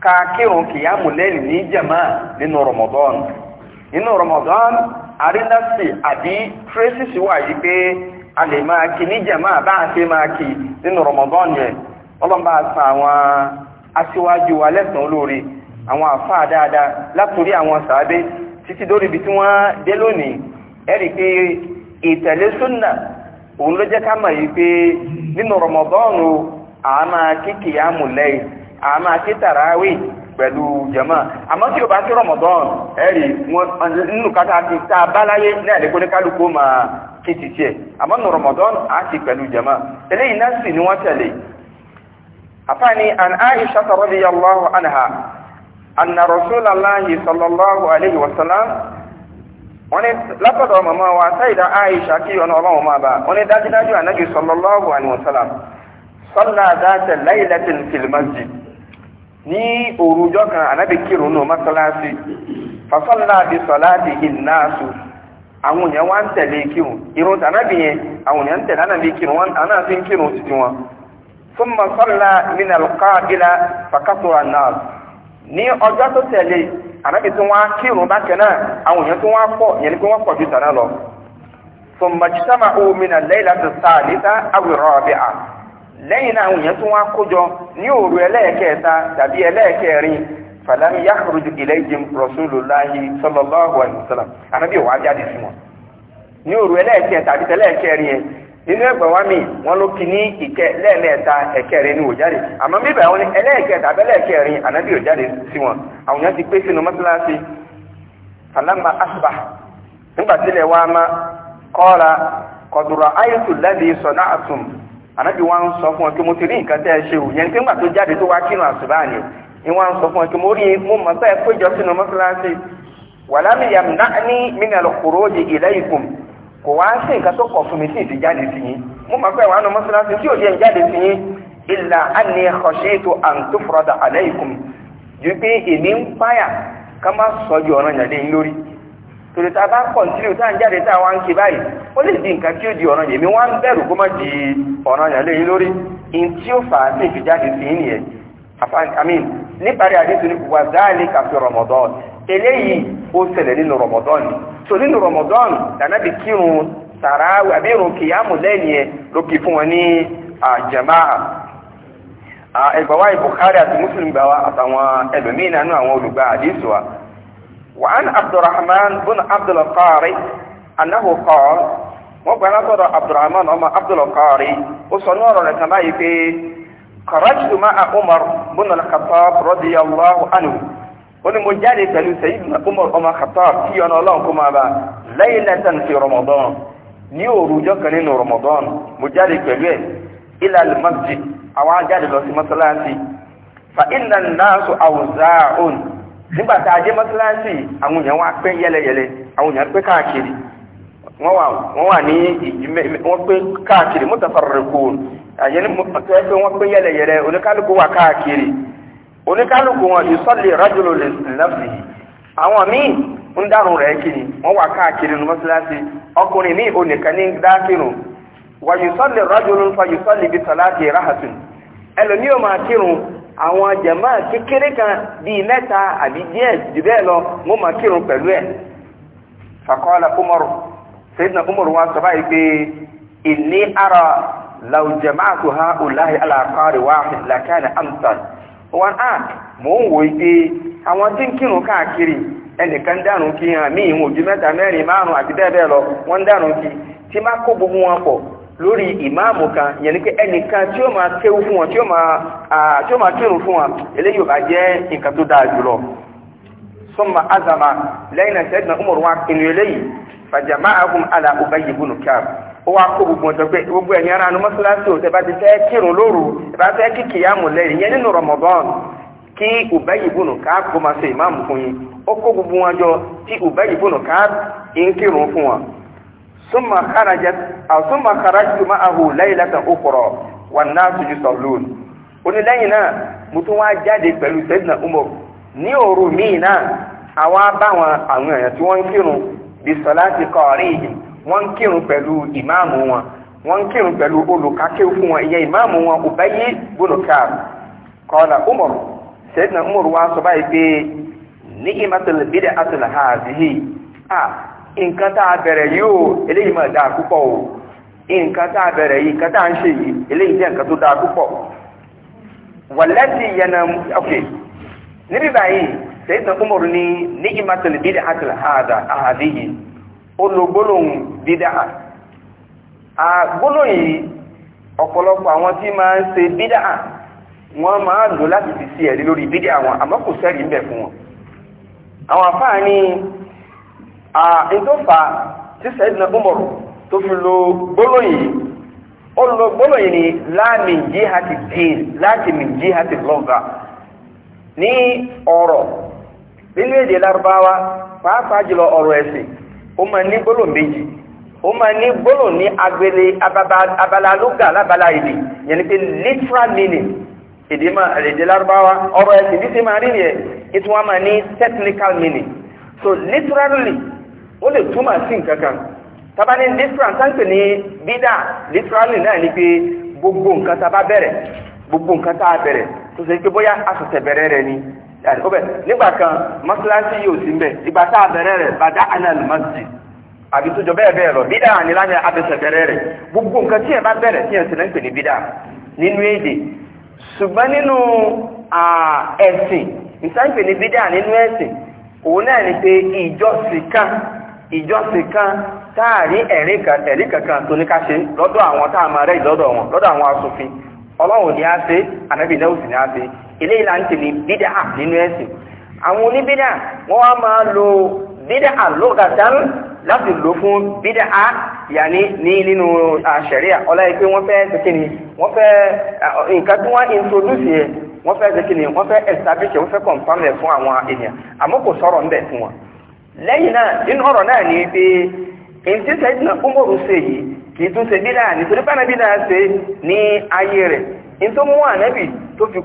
ká kírun ní nínú nínú àbí a lè máa ní a máa nínú ọlọ́mbà san àwọn aṣíwájú wa lẹ́sàn olóore àwọn àfáà dáadáa látòrí àwọn sàábé títí dórí ibi tí wọ́n dé lónìí ẹ̀rí pé ìtẹ̀lé súnà òun ló jẹ́ ká mọ̀ yìí pé nínú rọmọdọ́ọ̀nù àmà kíkì àmùlẹ́yìn àmà kítàráwì pẹ̀lú jẹ̀mọ́ àmọ́ tí o bá tí rọmọdọ́ọ̀nù ẹ̀rí nínú kátà ti ta báláyé ní àlékún ní kálukú máa afani an aisha radiyallahu anha anna rasulallahi sallallahu alayhi wa sallam wọ́n ní látọ̀dọ̀ màmá wa sayida aisha kí ọ̀nà ọlọ́run máa bá wọ́n ní dájúdájú ànábì sallallahu alayhi wa sallam salla dhata laylatin fil masjid ní òrùjọ́ kan ànábì kírun nù fa salla bi salati innaasu àwọn èèyàn wá ń tẹ̀lé kírun irun tànábì yẹn àwọn èèyàn ń tẹ̀lé ànábì kírun wọn àná fi ń ثم صلى من القائلة فكثر الناس ni ọjọ́ tó tẹ̀lé ànábì tí wọ́n á kírun bákan náà àwọn èèyàn tí wọ́n á pọ̀ yẹn ni pé wọ́n pọ̀ ju lọ. ثم اجتمعوا من الليلة الثالثة أو الرابعة lẹ́yìn náà àwọn èèyàn tí wọ́n á kójọ ní òru ẹlẹ́ẹ̀kẹta tàbí ẹlẹ́ẹ̀kẹrin فلم يخرج jáde wọn nínú gbaa wa mi wọn ló kí ní ìkẹ lẹ́ẹ̀mẹ́ta ẹ̀kẹrin ní òjáde àmọ́ bíbẹ̀ àwọn ẹlẹ́ẹ̀kẹta abẹ́lẹ́ẹ̀kẹrin ànábì òjáde sí wọn àwọn yẹn ti pé sínú mọ́sálásí falama asba nígbà tílẹ̀ wa ma kọ́ra kọ̀dùrọ̀ ayétu àtùm ànábì wa sọ fún ọ kí mo ti rí nǹkan tẹ́ ẹ ṣe o yẹn nígbà tó jáde tó wá ni ni wọn sọ fún ọ kí mo rí mo péjọ kò wá sí nǹkan tó kọ̀ fún mi tí ì ti jáde sí yín mo máa pẹ́ wàánu mọ́sálásí tí ò yẹ ń jáde sí yín ìlà àní khashitu an tufrada alaykum ju pé èmi ń páyà ká má sọ ju ọ̀ràn yàn léyìn lórí torí tá a bá kọ̀ntínú tá à ń jáde tá a wá ń ṣe báyìí ó lè di nǹkan tí ó di ọ̀ràn yàn èmi wá ń bẹ̀rù kó má di ọ̀ràn yàn léyìn lórí in tí ó fà á sí ìfijáde sí yín nìyẹn àmì níparí àdéhùn wà Ramadan eléyìí ó ṣẹlẹ̀ nínú Ramadan so nínú Ramadan lànàbí kírun tàràwì àbí irun kìyàmù lẹ́yìn ẹ̀ ló kì fún wọn ní àjàmáà ẹgbàwá Bukhari àti Muslim gbàwá àtàwọn ẹlòmíín nínú àwọn olùgbà àdìsù wa وعن عبد الرحمن بن عبد القاري أنه قال wọ́n gba látọ̀dọ̀ abdulrahman ọmọ abdulkari ó sọ ní ọ̀rọ̀ rẹ̀ kan báyìí pé kọ̀rọ̀jù máa umar bùnà kàtọ́ radiyallahu anhu ó ní mo jáde pẹ̀lú Sayyidina Umar ọmọ Khattab kí ọ̀nà ọlọ́run kó máa bá laylatan fi Ramadan ní òrùjọ́ kan nínú Ramadan mo jáde pẹ̀lú ẹ̀ ila al-masjid àwọn ajáde lọ sí mọ́sálásí fa inna an-nasu awza'un nígbà tá a dé mọ́sálásí àwọn èèyàn wá pé yẹlẹyẹlẹ àwọn èèyàn pé káàkiri wọ́n wà wọ́n wà wọ́n pé káàkiri mutafarriqun àyẹ̀ni mo pé wọ́n pé yẹlẹyẹlẹ oníkálukú wà káàkiri. oníkálukú wọn ìsọ́lẹ̀ rọ́jòló lè lọ́fì àwọn míì ń dárun rẹ̀ kiri wọ́n wà káàkiri ní mọ́sálásí ọkùnrin míì onìkan ní dákìrùn wà ìsọ́lẹ̀ rọ́jòló ń fa ìsọ́lẹ̀ bí sọ́láàtì ráhàtùn ẹlòmí ma máa kírun àwọn jàmáà kékeré kan bíi mẹ́ta àbí díẹ̀ jù bẹ́ẹ̀ lọ wọ́n máa kírun ara wọn à ah, mò ń wò ike àwọn tí ń kírun káàkiri ẹnìkan dànù kí hàn mí ìhun ojú mẹ́ta mẹ́rin márùn àti bẹ́ẹ̀ bẹ́ẹ̀ lọ wọ́n ń dànù kí tí má kó gbogbo wọn pọ̀ lórí ìmáàmù kan yẹn ni pé ẹnìkan tí ó máa kéwu fún wọn tí ó máa fún wọn eléyìí ò bá jẹ́ nǹkan tó dáa jùlọ. sọ́mà azama lẹ́yìn náà sẹ́dùn ọmọ wa pinnu eléyìí ó wá kó gbogbo ọ̀tọ̀ pé gbogbo ẹ̀yin ara nu mọ́sálásí ò tẹ́bá ti fẹ́ kírun lóru tẹ́bá fẹ́ kí kìyàmù lẹ́yìn yẹn nínú Ramadan kí Ubay ibn Ka'b kó máa ṣe ìmáàmù fún yín ó kó gbogbo wọn jọ tí Ubay ibn Ka'b ń kírun fún wọn. ma'ahu laylatan ukhra wan nasu yusallun. ó ní náà mo tún jáde pẹ̀lú wọ́n kírun pẹ̀lú ìmáàmù wọn wọ́n ń kírun pẹ̀lú olùkákéwù fún wọn ìyẹn ìmáàmù wọn Ubayy ibn Ka'b qala Umar Sayyidina Umar wa sọ báyìí pé à nǹkan tá a bẹ̀rẹ̀ yìí eléyìí máa dáa púpọ̀ o nǹkan tá a bẹ̀rẹ̀ yìí nǹkan tá a ń ṣe yìí eléyìí jẹ́ nǹkan tó dáa yẹn na ok báyìí Umar ní ha olùgbólóhùn bídà àgbólóhùn yìí ọ̀pọ̀lọpọ̀ àwọn tí máa ń ṣe bídà wọ́n máa lò láti fi sí ẹ̀rí lórí bídà àwọn àmọ́ kò fún wọn àwọn àfáà ní nínú èdè lárúbáwá pàápàá jùlọ ọ̀rọ̀ ẹ̀sìn ó máa ní gbólóhùn méjì ó máa ní gbólóhùn ní agbélé abala lóga lábala èdè yẹn ni pé literal meaning èdè máa èdè lárúbáwá ọ̀rọ̀ ẹ̀sìn bí ṣe máa rí nìyẹn ètò wọn máa ní technical meaning so literally ó lè túmọ̀ sí nǹkan kan tàbá ní literal sáńpẹ̀ ní bídà literally náà ni pé gbogbo nǹkan tá a bá bẹ̀rẹ̀ gbogbo nǹkan tá a bẹ̀rẹ̀ tó ṣe pé bóyá a ṣẹ̀ṣẹ̀ bẹ̀rẹ̀ ni àdìkọ́bẹ̀ nígbà kan mọ́sálásí yóò sí mbẹ̀ ìgbà tá a bẹ̀rẹ̀ rẹ̀ bàdá anal masjid àbí tó jọ bẹ́ẹ̀ bẹ́ẹ̀ lọ bídà ni láti abẹ́sẹ̀ bẹ̀rẹ̀ rẹ̀ gbogbo nǹkan tí ẹ̀ bá bẹ̀rẹ̀ tí ẹ̀ sì lẹ́ńpẹ̀ ní bídà nínú èdè ṣùgbọ́n nínú ẹ̀sìn ìsáǹpẹ̀ ní bídà nínú ẹ̀sìn òun náà ni pé ìjọsìn kan ìjọsìn kan táàrí ẹ̀rí kankan tó ní ká ṣe lọ́dọ̀ àwọn táàmà rẹ̀ lọ́dọ̀ wọn lọ́dọ̀ ọlọ́run ní á ṣe ànábì náà sì ní á ṣe eléyìí là ń tẹ̀lé bídà nínú ẹ̀sìn àwọn oníbídà wọ́n lo bídà lóògàtàn láti lò fún bídà yàní ní nínú àṣẹríà ọláyé ni wọ́n fẹ́ nǹkan tí wọ́n introduce yẹ wọ́n fẹ́ ṣèké ni wọ́n fẹ́ establish wọ́n fẹ́ confam ẹ̀ fún àwọn ènìyàn àmọ́ kò sọ̀rọ̀ ńbẹ̀ fún wọn lẹ́yìn náà nínú ọ̀rọ̀ náà ni pé kì í tún ṣe nítorí pé ànábì náà ṣe ní ayé rẹ̀ ní tó mú ànábì tó fi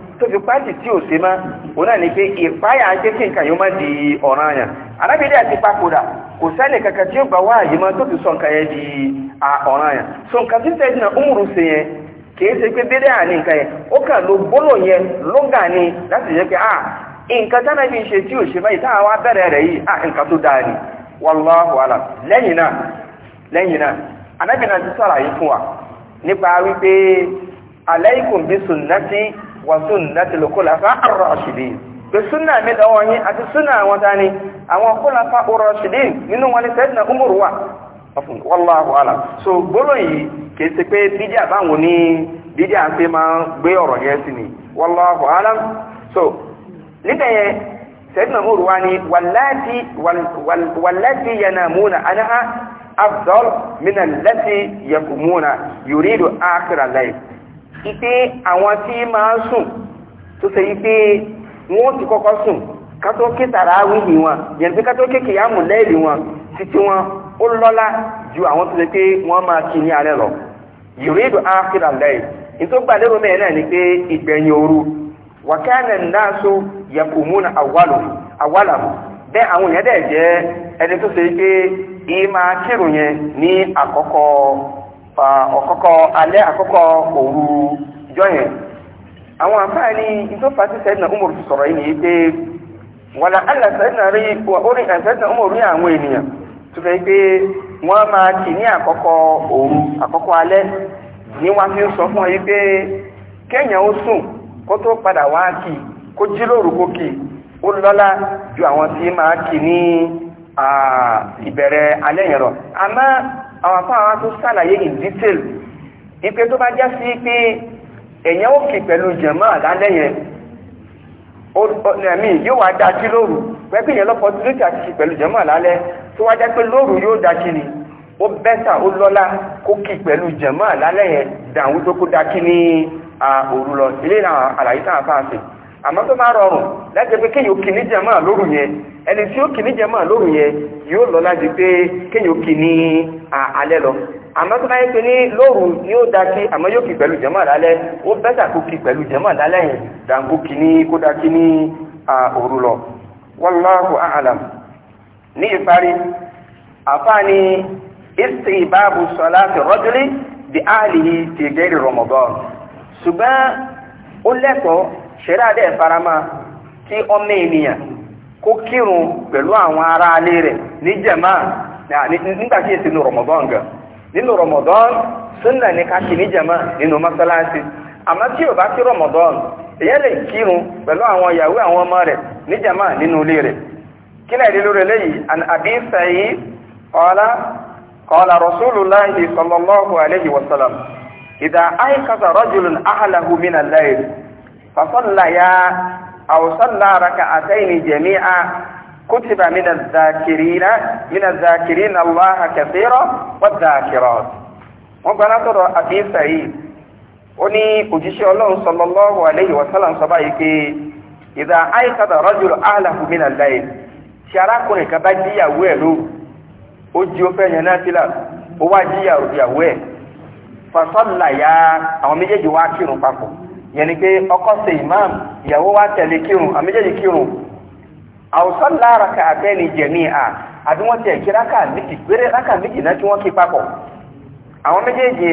pàtì tí ò ṣe má òun náà ni pé ìpáyà ń kí nǹkan yóò má di ọ̀ràn àyàn ànábì dẹ̀ ti papòdà kò sẹ́ni kankan tí ó gbà wá àyè má fi sọ nǹkan yẹn di ọ̀ràn so nǹkan tí sẹ́yìn náà ń rù ṣe yẹn kì í ṣe pé o ní nǹkan yẹn ó kàn ló yẹn ni láti yẹ pé ṣe tí ò ṣe yìí Ànábì náà ti sọ̀rọ̀ yìí fún wa nípa wípé aláìkùn bí sunnati wà sunnati lukulafa ar-rashidin pé súnà mi lọ́wọ́ yín àti súnà àwọn dání àwọn kulafa ar-rashidin nínú wọn ni Sayyidina Umar wà wallahu alam so gbólóhùn yìí kìí ṣe pé bídíà báwọn ní bídíà ń pé máa gbé ọ̀rọ̀ yẹn sí ni wallahu alam so níbẹ̀ yẹn Sayyidina Umar wà ní wàlátì afdal min allati yakumuna yuridu akhira layl ipe awon ti ma sùn tó ṣe ipe wọ́n ti kọ́kọ́ sùn ká tó ké tàràwíhì wọn yẹn pé ká tó ké kìyàmù lẹ́ẹ̀lì wọn títí wọn ó lọ́lá ju àwọn tó ṣe pé wọ́n máa kí ní alẹ́ lọ yuridu akhira layl nítorí gbàdérò mẹ́rin náà ni pé ìgbẹ̀yìn òru wa kana nasu yakumuna awwalahu awwalahu bẹ́ẹ̀ àwọn èèyàn dẹ̀ jẹ́ ẹni tó ṣe pé ịma kírun yẹn ní akọkọ ọ̀kọ́kọ́ alẹ́ àkọ́kọ́ òru àwọn afọ ní ìtòfà sẹ́dínà Umar ti sọ̀rọ̀ yìí pé wàlà àlà sẹ́dínà rí orí sẹ́dínà àwọn ènìyàn tó fẹ́ pé wọ́n máa kì ní àkọ́kọ́ òru àkọ́kọ́ alẹ́ ní wọ́n fi ń sọ fún ọ yìí pé ó sùn kó tó padà wá kì kó jí lóru kó kì ju àwọn tí ìbẹ̀rẹ̀ alẹ́ yẹn rọ̀ àmọ́ àwọn afọ àwọn tó sàlàyé in detail ipe tó bá já sí pé èèyàn ó kì pẹ̀lú jẹ̀mọ́ àlálẹ́ yẹn ẹ̀mí yóò wá dá sí lóru pẹ́pẹ́ yẹn lọ́pọ̀ tó lókè àti kì pẹ̀lú jẹ̀mọ́ àlálẹ́ tó wá jẹ́ pé lóru yóò dá ni ó bẹ́tà ó lọ́lá kó kì pẹ̀lú jẹ̀mọ́ àlálẹ́ yẹn tó kó dá ní òru ilé ìlànà àlàyé táwọn àmọ́ tó bá rọrùn láti pé kéèyàn kì ní jàmáà lóru yẹn ẹni tí ó kì ní jàmáà lóru yẹn yóò lọ láti pé kéèyàn kì ní alẹ́ lọ àmọ́ tó bá yẹ pé ní lóru ni ó da kí àmọ́ yóò kì pẹ̀lú jàmáà lálẹ́ ó bẹ́tà kó kì pẹ̀lú jàmáà lálẹ́ yẹn dàǹkó kì ní kó da kí ní òru lọ wallahu a'lam ní ìparí àfáàní istibabu salati rajuli bi ahlihi ti ghairi Ramadan ṣùgbọ́n ó lẹ́kọ̀ọ́ ṣẹ̀dá dẹ̀ farama kí ọmọ ènìyàn kó kírun pẹ̀lú àwọn ará alé rẹ̀ ní jẹ̀má nígbà èsì nínú Ramadan gan nínú Ramadan sunna ní ká ní jẹ̀má nínú mọ́sálásí àmọ́ tí ò bá sí Ramadan èyẹ́ lè kírun pẹ̀lú àwọn ìyàwó àwọn ọmọ rẹ̀ ní nínú ilé rẹ̀ kí náà àbí ọ̀la فصليا أو صلى ركعتين جميعا كتب من الذاكرين من الذاكرين الله كثيرا والذاكرات وبنظر أبي سعيد وني أجيش الله صلى الله عليه وسلم صبايك إذا أيقظ رجل أهله من الليل شاركني كبدي ويلو أجيو فيه ناتلا وواجي يا ويل فصلى يا أو ميجي واكير باكو yẹn pé ọkọ ṣe imam ìyàwó wa tẹ̀lé kírun àméjèèjì kírun àwùsọ lára ká àtẹ́ni jẹ̀mí à àbí wọ́n ti ẹ̀kí méjì péré rákà méjì náà wọ́n kí papọ̀ àwọn méjèèjì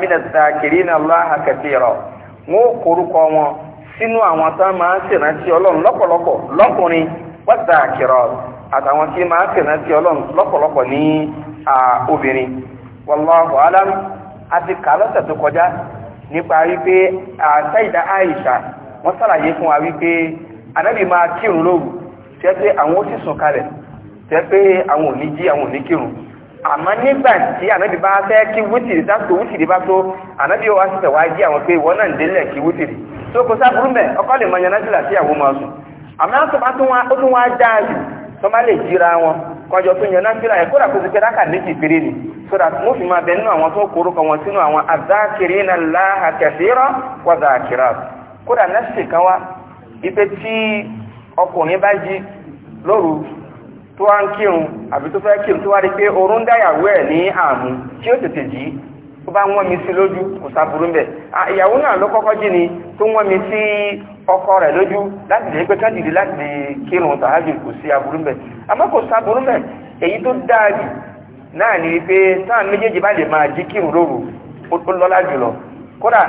mina zakirina Allaha kathira wọn ò korúkọ wọn sínú àwọn tó máa ń ṣèrántí ọlọ́run lọ́pọ̀lọpọ̀ lọ́kùnrin wọ́n àtàwọn tí nípa wípé àtẹ́ìdá àìṣà wọ́n sàlàyé fún wa wípé anábì máa kírun lóru tẹ́ pé àwọn ó sì sùn kalẹ̀ tẹ́ pé àwọn ò ní jí àwọn ò ní kírun àmọ́ nígbà tí ànábì bá fẹ́ kí wútìrì sáàtò wútìrì bá tó ànábì wa ṣẹ̀ṣẹ̀ wá jí àwọn pé ìwọ́n náà ń délẹ̀ kí wútìrì tó kò sáà burú mẹ́ lè mọ yanájúlà sí àwọn ọmọ ọ̀sùn àmọ́ tọ́mọ lè jíra wọn kọjọ tó yẹn náà fíra ẹ̀ kódà kó ti kẹ́ra kà ni sódà wọ́n fi máa bẹ nínú àwọn tó korúkọ wọn sínú àwọn azakirina Allaha kathira wa zakirat kódà nẹ́sì kan wá ipe tí ọkùnrin bá jí lóru tó wá ń kírun àbí tó fẹ́ kírun tó wá rí pé oorun ń dáyàwó ẹ̀ ní àmú tí ó tètè jí bá wọ́n mi sí lójú kò ìyàwó náà ló ọkọ rẹ̀ lójú láti lè pé kájìdì láti lè kírun tàájì kò sí aburú mẹ́ àmọ́ èyí tó dáa náà ni pé ma méjèèjì bá lè máa jí kírun lóru ó lọ́lá jùlọ kódà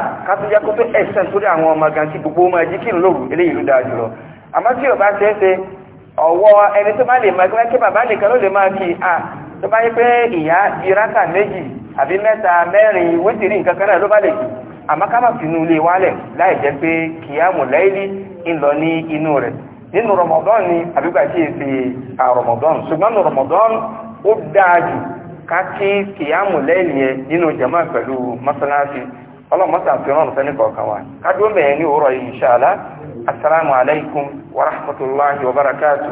kó tó ẹ̀sẹ̀ àwọn ọmọ gan tí gbogbo máa jí kírun lóru eléyìí ló dáa jùlọ bá ṣe é ṣe ẹni tó bá lè máa kí bàbá nìkan ló lè máa kí a tó bá yẹ a ká fi ilé wálẹ̀ láì jẹ́ pé kìyàmù láìlí ń ní inú rẹ̀ nínú Ramadan ni àbígbà tí è Ramadan ṣùgbọ́n Ramadan ó láìlí nínú jama pẹ̀lú mọ́sálásí ọlọ́mọ́sá fi rán wa ka wa rahmatullahi wa barakatu.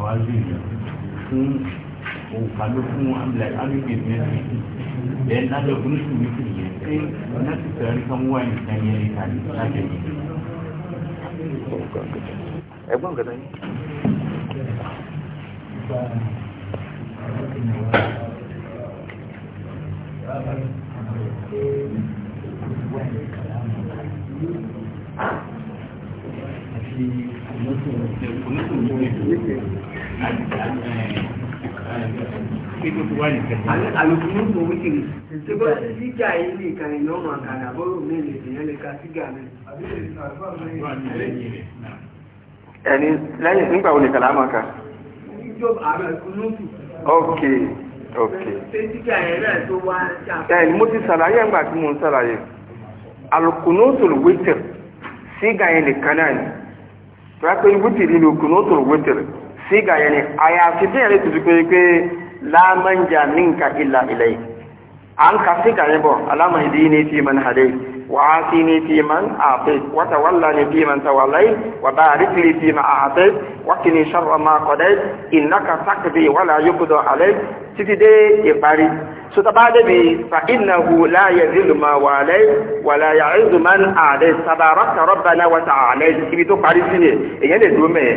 àwájú yẹn fún òǹkà ló fún amílẹ̀ mẹ́rin bẹ́ẹ̀ lábẹ́ oníṣù mi fi yẹn pé láti fẹ́rẹ́ kan wá nìkan yẹn nìkan ní lábẹ́ yẹn. ẹ̀gbọ́n kẹta yìí. Thank you. àlòkùnrin kò wí kiri ìṣègbè sígà yìí lè kàn yín lọ́mọ àkàrà bọ́rọ̀ mi lè tèèyàn ka sígà mi. ẹni lẹ́yìn nígbà wo ni kàlámà kan. ìjọba ẹ mo ti ṣàlàyé tí mo ń ṣàlàyé náà ni. sígà yẹn ni àyàfi bí ẹ̀rí tuntun pé pé láàmánjà ní nǹka ìlà ilẹ̀ yìí à ń ka sígà yẹn bọ̀ alámọ̀dé ní tí man hadé wàásì ní tí man àfẹ́ wàtàwálà ní tí man tàwálà yìí wàbáàríkì ní tí man àfẹ́ wákìní sọ̀rọ̀ máa kọ̀dẹ́ ìnáka sákìdì wàlà yókùdọ̀ àlẹ́ títí dé ìparí sotabaade bi fa innahu la yazilu ma waalay wala ya'izu man aalay tabaraka rabbana wa ta'ala ibi tó parí sí ni èyàn lè dúró mẹ́ẹ̀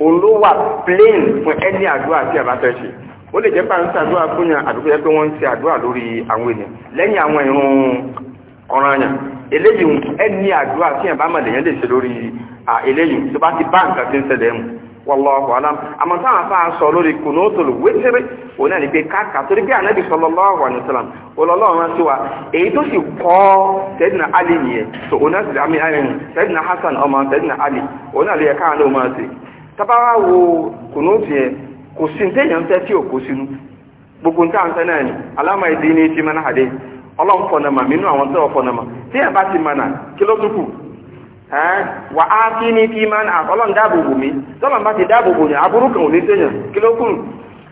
òun ló plain fún ẹni àdúrà tí a bá fẹ́ ṣe ó lè jẹ́ pé à ń ṣàdúrà fún yàn àdúgbò yẹn pé wọ́n ń ṣe àdúrà lórí àwọn ènìyàn lẹ́yìn àwọn ìrun ọ̀ràn yàn eléyìí ẹni àdúrà tí yàn bá mọ̀ lèyàn lè ṣe lórí eléyìí tó bá ti bá nǹkan tí ń ṣẹlẹ̀ mu alam àmọ́ táwọn afá sọ lórí kunutul witri òun náà ní pé káàkà torí ànábì èyí tó sì kọ́ nìyẹn tabawa wo kunu fiye ko sin te yan tati o ko nta nta na ni alama idini ti mana hade olon fona ma minu awon te ofona ma ti ba ti mana kilo tuku ha wa a ti mana olon da bugu mi to ma ba ti da bugu ni aburu kan o ni te yan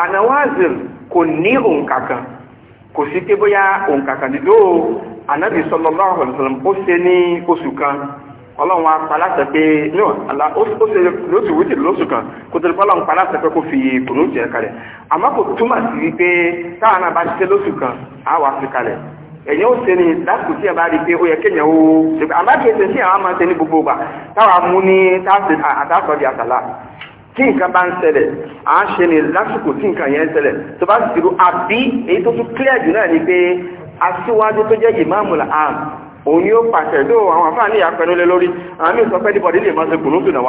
ànáwázìl kò ní òǹkà kan kò sí pé bóyá òǹkà kan nílò ànábì sallallahu alaihi wasallam ó ṣe ní oṣù kan ọlọ́run wa paláṣẹ pé ní ọ̀la ó ṣe lóṣù wítì lóṣù kan kò tó lọ́la ń paláṣẹ pé kò fi kùnú jẹ kalẹ̀ àmọ́ kò túmọ̀ sí wípé táwọn náà bá ṣiṣẹ́ lóṣù kan á wà sí kalẹ̀ ẹ̀yẹ́ ó ṣe ni lásìkò tí ẹ bá rí i pé ó yẹ kéèyàn ó ṣe àbájáde tí àwọn máa ń ṣe ní gbogbo ìgbà táwọn amú ní àtàkọ́ di àtàlà tí nǹkan bá ń ṣẹlẹ̀ à ń ṣe ní lásìkò tí nǹkan yẹn ń ṣẹlẹ̀ tó bá sì àbí èyí tó tún clear jù náà ni pé aṣíwájú tó jẹ́ ìmáàmùlà àm òun ni ó pàṣẹ tó àwọn àfáà ní ìyàpẹ̀lú lé lórí àwọn mí sọ pé díbọ̀dí lè máa ṣe kùnú tùnà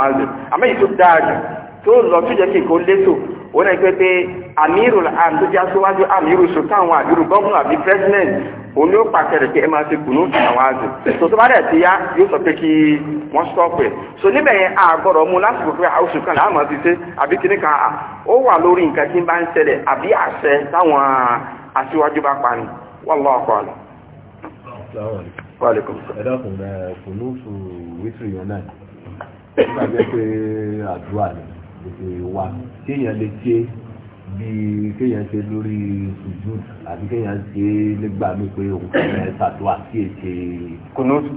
tó lọ tó jẹ́ kí kò létò òun náà pé pé amiru am tó jẹ́ aṣíwájú amiru sultan wa àbírú gọ́ọ̀mù àbí president òun yóò pàṣẹ rẹ̀ pé ẹ máa kùnú àwọn àjò tó tó bá ti yá yóò sọ pé kí wọ́n stop ẹ̀ so níbẹ̀ yẹn àgọ́rọ̀ mu lásìkò pé oṣù kan láàmú ti ṣe àbí kíní kan à ó wà lórí nǹkan tí ń bá ń ṣẹlẹ̀ àbí àṣẹ táwọn aṣíwájú bá pa ni wa kéèyàn lè ṣe bíi kéèyàn ṣe lórí sùjú àbí kéèyàn ṣe nígbà mi pé òun fẹ́ ṣàdúrà sí ètè. kùnúùtù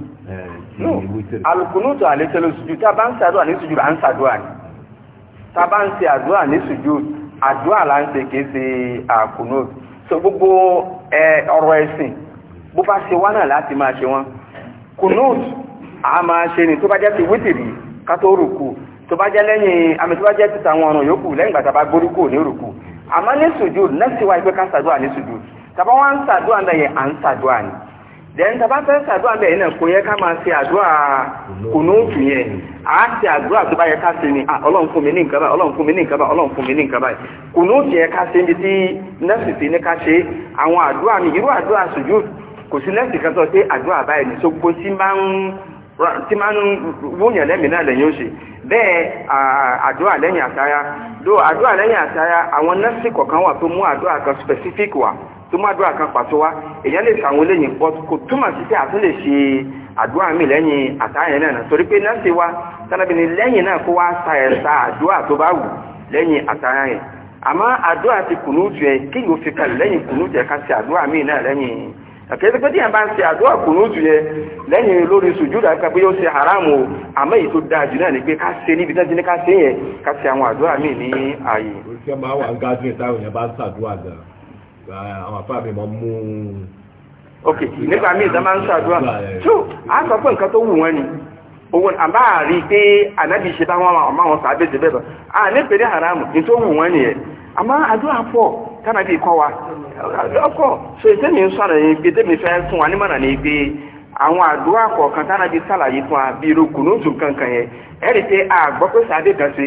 alùkùnúùtù àlétẹ́lẹ̀ sùjú tá a bá ń ṣàdúrà ní sùjú à ń ṣàdúrà ni tá a bá ń ṣe àdúrà ní sùjú àdúrà là ń ṣe kìí ṣe àkùnúùtù so gbogbo ọ̀rọ̀ ẹ̀sìn bó bá ṣe wá náà láti máa ṣe wọn kùnúùtù a máa ṣe ni tó bá jẹ́ ti wítìrì ká rùkù tó bá jẹ́ lẹ́yìn àmì tó bá jẹ́ títa àwọn ọ̀ràn yòókù lẹ́yìn gbàtà bá gbórí kò ní òrùkù àmọ́ ní sùjúd nẹ́ẹ̀sì wa ìgbé ká sàdúrà ní sùjúd tàbá wá ń sàdúrà náà yẹn à ń sàdúrà ni then tàbá fẹ́ sàdúrà bẹ́ẹ̀ náà kò yẹ ká máa ṣe àdúrà kùnúùtù yẹn à á ṣe àdúrà tó bá yẹ ká ṣe ni ọlọ́run fún mi ní nǹkan báyìí ọlọ́run fún mi ní nǹkan báyìí ọlọ́run fún mi ní nǹkan báyìí kùnúùtù yẹ ká ṣe ibi tí nẹ́ẹ̀sì ti ní ká ṣe àwọn àdúrà tí máa ń wúyàn lẹ́mìí náà lẹ́yìn oṣù bẹ́ẹ̀ àdúrà lẹ́yìn àtayá ló àdúrà lẹ́yìn àtayá àwọn nọ́ọ̀sì kọ̀ọ̀kan wà tó mú àdúrà kan specific wà tó mú àdúrà kan pàtó wá èèyàn lè sàwọn eléyìí pọ̀ kò túmọ̀ sí pé àtún lè ṣe àdúrà mi lẹ́yìn àtayá náà torí pé nọ́ọ̀sì wa sálábì lẹ́yìn náà kó wá sa ẹ̀sà àdúrà tó bá wù lẹ́yìn àtayá yẹn àmọ́ àdúrà ti kùnú jẹ kí yóò fi kalẹ̀ lẹ́yìn kùnú jẹ ká ṣe àdúrà mi náà lẹ́yìn àkẹ́sí pé tí yẹn bá ń ṣe àdúrà kùnúùtù yẹn lẹ́yìn lórí sùjúdà ká pé yóò ṣe haramu àmọ́ èyí tó dáa jù náà ni pé ká ṣe níbi tẹ́jú ní ká ṣe yẹn ká ṣe àwọn àdúrà míì ní ààyè. oṣù máa wà ń gájú ìtàwọn yẹn bá ń ṣàdúrà gan àwọn afá mi máa ń mú. ok nípa míì tá máa ń ṣàdúrà tó a sọ pé nǹkan tó wù wọ́n ni owó àbá rí i pé ànábì ṣe bá wọn àwọn sábẹ́ tánàbí kọ́ wa ọkọ̀ so ètèmi ń sọ̀rọ̀ yìí pé tèmi fẹ́ fún wa nímọ̀ràn ní pé àwọn àdúrà kọ̀ọ̀kan tánàbí sàlàyé fún wa bí irú kùnúùtù kankan yẹn ẹ̀rì pé àgbọ́ pé sàdé kan ṣe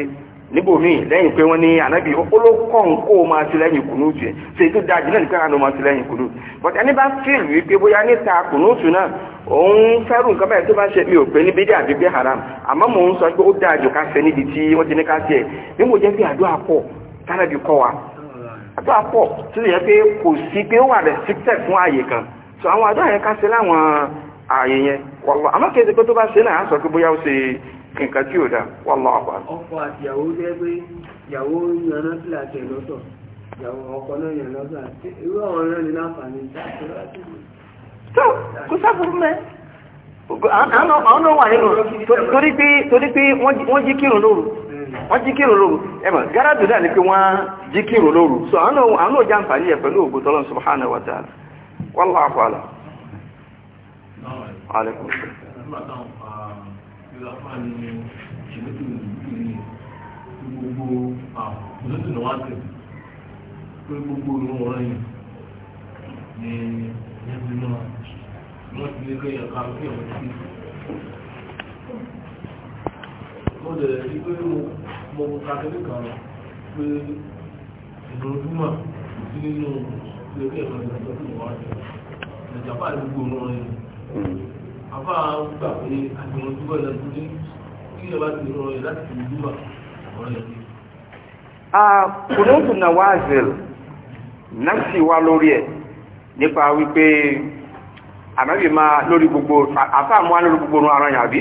níbòmí lẹ́yìn pé wọ́n ní ànábì olókọ̀ọ́n kó o máa ti lẹ́yìn kùnúùtù yẹn ṣe tó dájú náà nípa àná máa ti lẹ́yìn kunu but ẹni bá fíìlì wípé bóyá níta kùnúùtù náà òun fẹ́rù nǹkan báyìí tó bá ṣe mi ò pé ní bídí àbí bí haram àmọ́ mò ń sọ pé ó dájú ká ṣe níbi tí wọ́n ti ní ká ṣe nígbò jẹ́ bí àdúrà pọ̀ tánàbí kọ́ àdúrà pọ̀ tí ó yẹ pé kò sí pé ó wà restricted fún ààyè kan so àwọn àdúrà yẹn ká ṣe láwọn ààyè yẹn wọ́lọ́ àmọ́ kí ẹsẹ̀ pé tó bá ṣe náà á sọ pé bóyá ó ṣe nǹkan tí ò dá wọ́lọ́ àti ìyàwó jẹ́ pé ìyàwó wọ́n wọ́n jí kírò lóru ẹmọ̀ gáràdù náà ya pé wọ́n jí kírò lóru so àwọn òjá ń fàní ẹ̀ pẹ̀lú ògbò tọ́lọ́ subhanahu wa ta'ala wallahu a'lam alaikum Ni ẹgbẹ̀rún náà, ya ó lè rí pé mo mo kàkiri kan pé ìdúnrúmọ̀ sí nínú ilé ẹ̀kọ́ ìgbàgbọ́ tó wà jù ìjàpá àdúgbò náà rẹ̀ àbá gbà pé àtìwọ̀n tó bẹ̀rẹ̀ tó ní kí ìjọba ti rọ ẹ̀ láti ìdúnrúmọ̀ ọ̀rẹ́ ẹ̀ kùnúùtù nawazil nafsi wa lórí ẹ̀ nípa wípé àmẹ́bí máa lórí gbogbo àfáàmúwá lórí gbogbo ọ̀rọ̀ àrùn àyàbí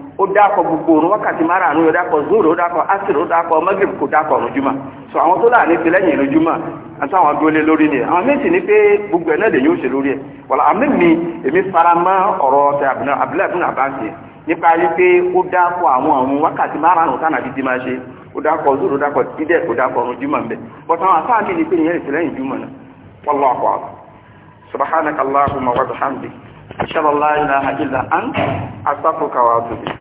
ó dákọ̀ gbogbo òun wákàtí márààrún ó dákọ̀ zoro ó dákọ̀ asiri ó dákọ̀ magrib kò dákọ̀ lójúmọ́ so àwọn tó láàrin ti lẹ́yìn lójúmọ́ àti àwọn abúlé lórí ni àwọn méjì ní pé gbogbo ẹ̀ náà lè yóò ṣe lórí ẹ̀ wọ́n àmì mi èmi fara mọ́ ọ̀rọ̀ ọ̀tẹ̀ abúlé àbúlé àbáṣe nípa rí pé ó dákọ̀ àwọn àwọn wákàtí márààrún tánà dídí máa ṣe ó dákọ̀ zoro ó dákọ̀ dídẹ̀ ó dákọ̀ lójúmọ́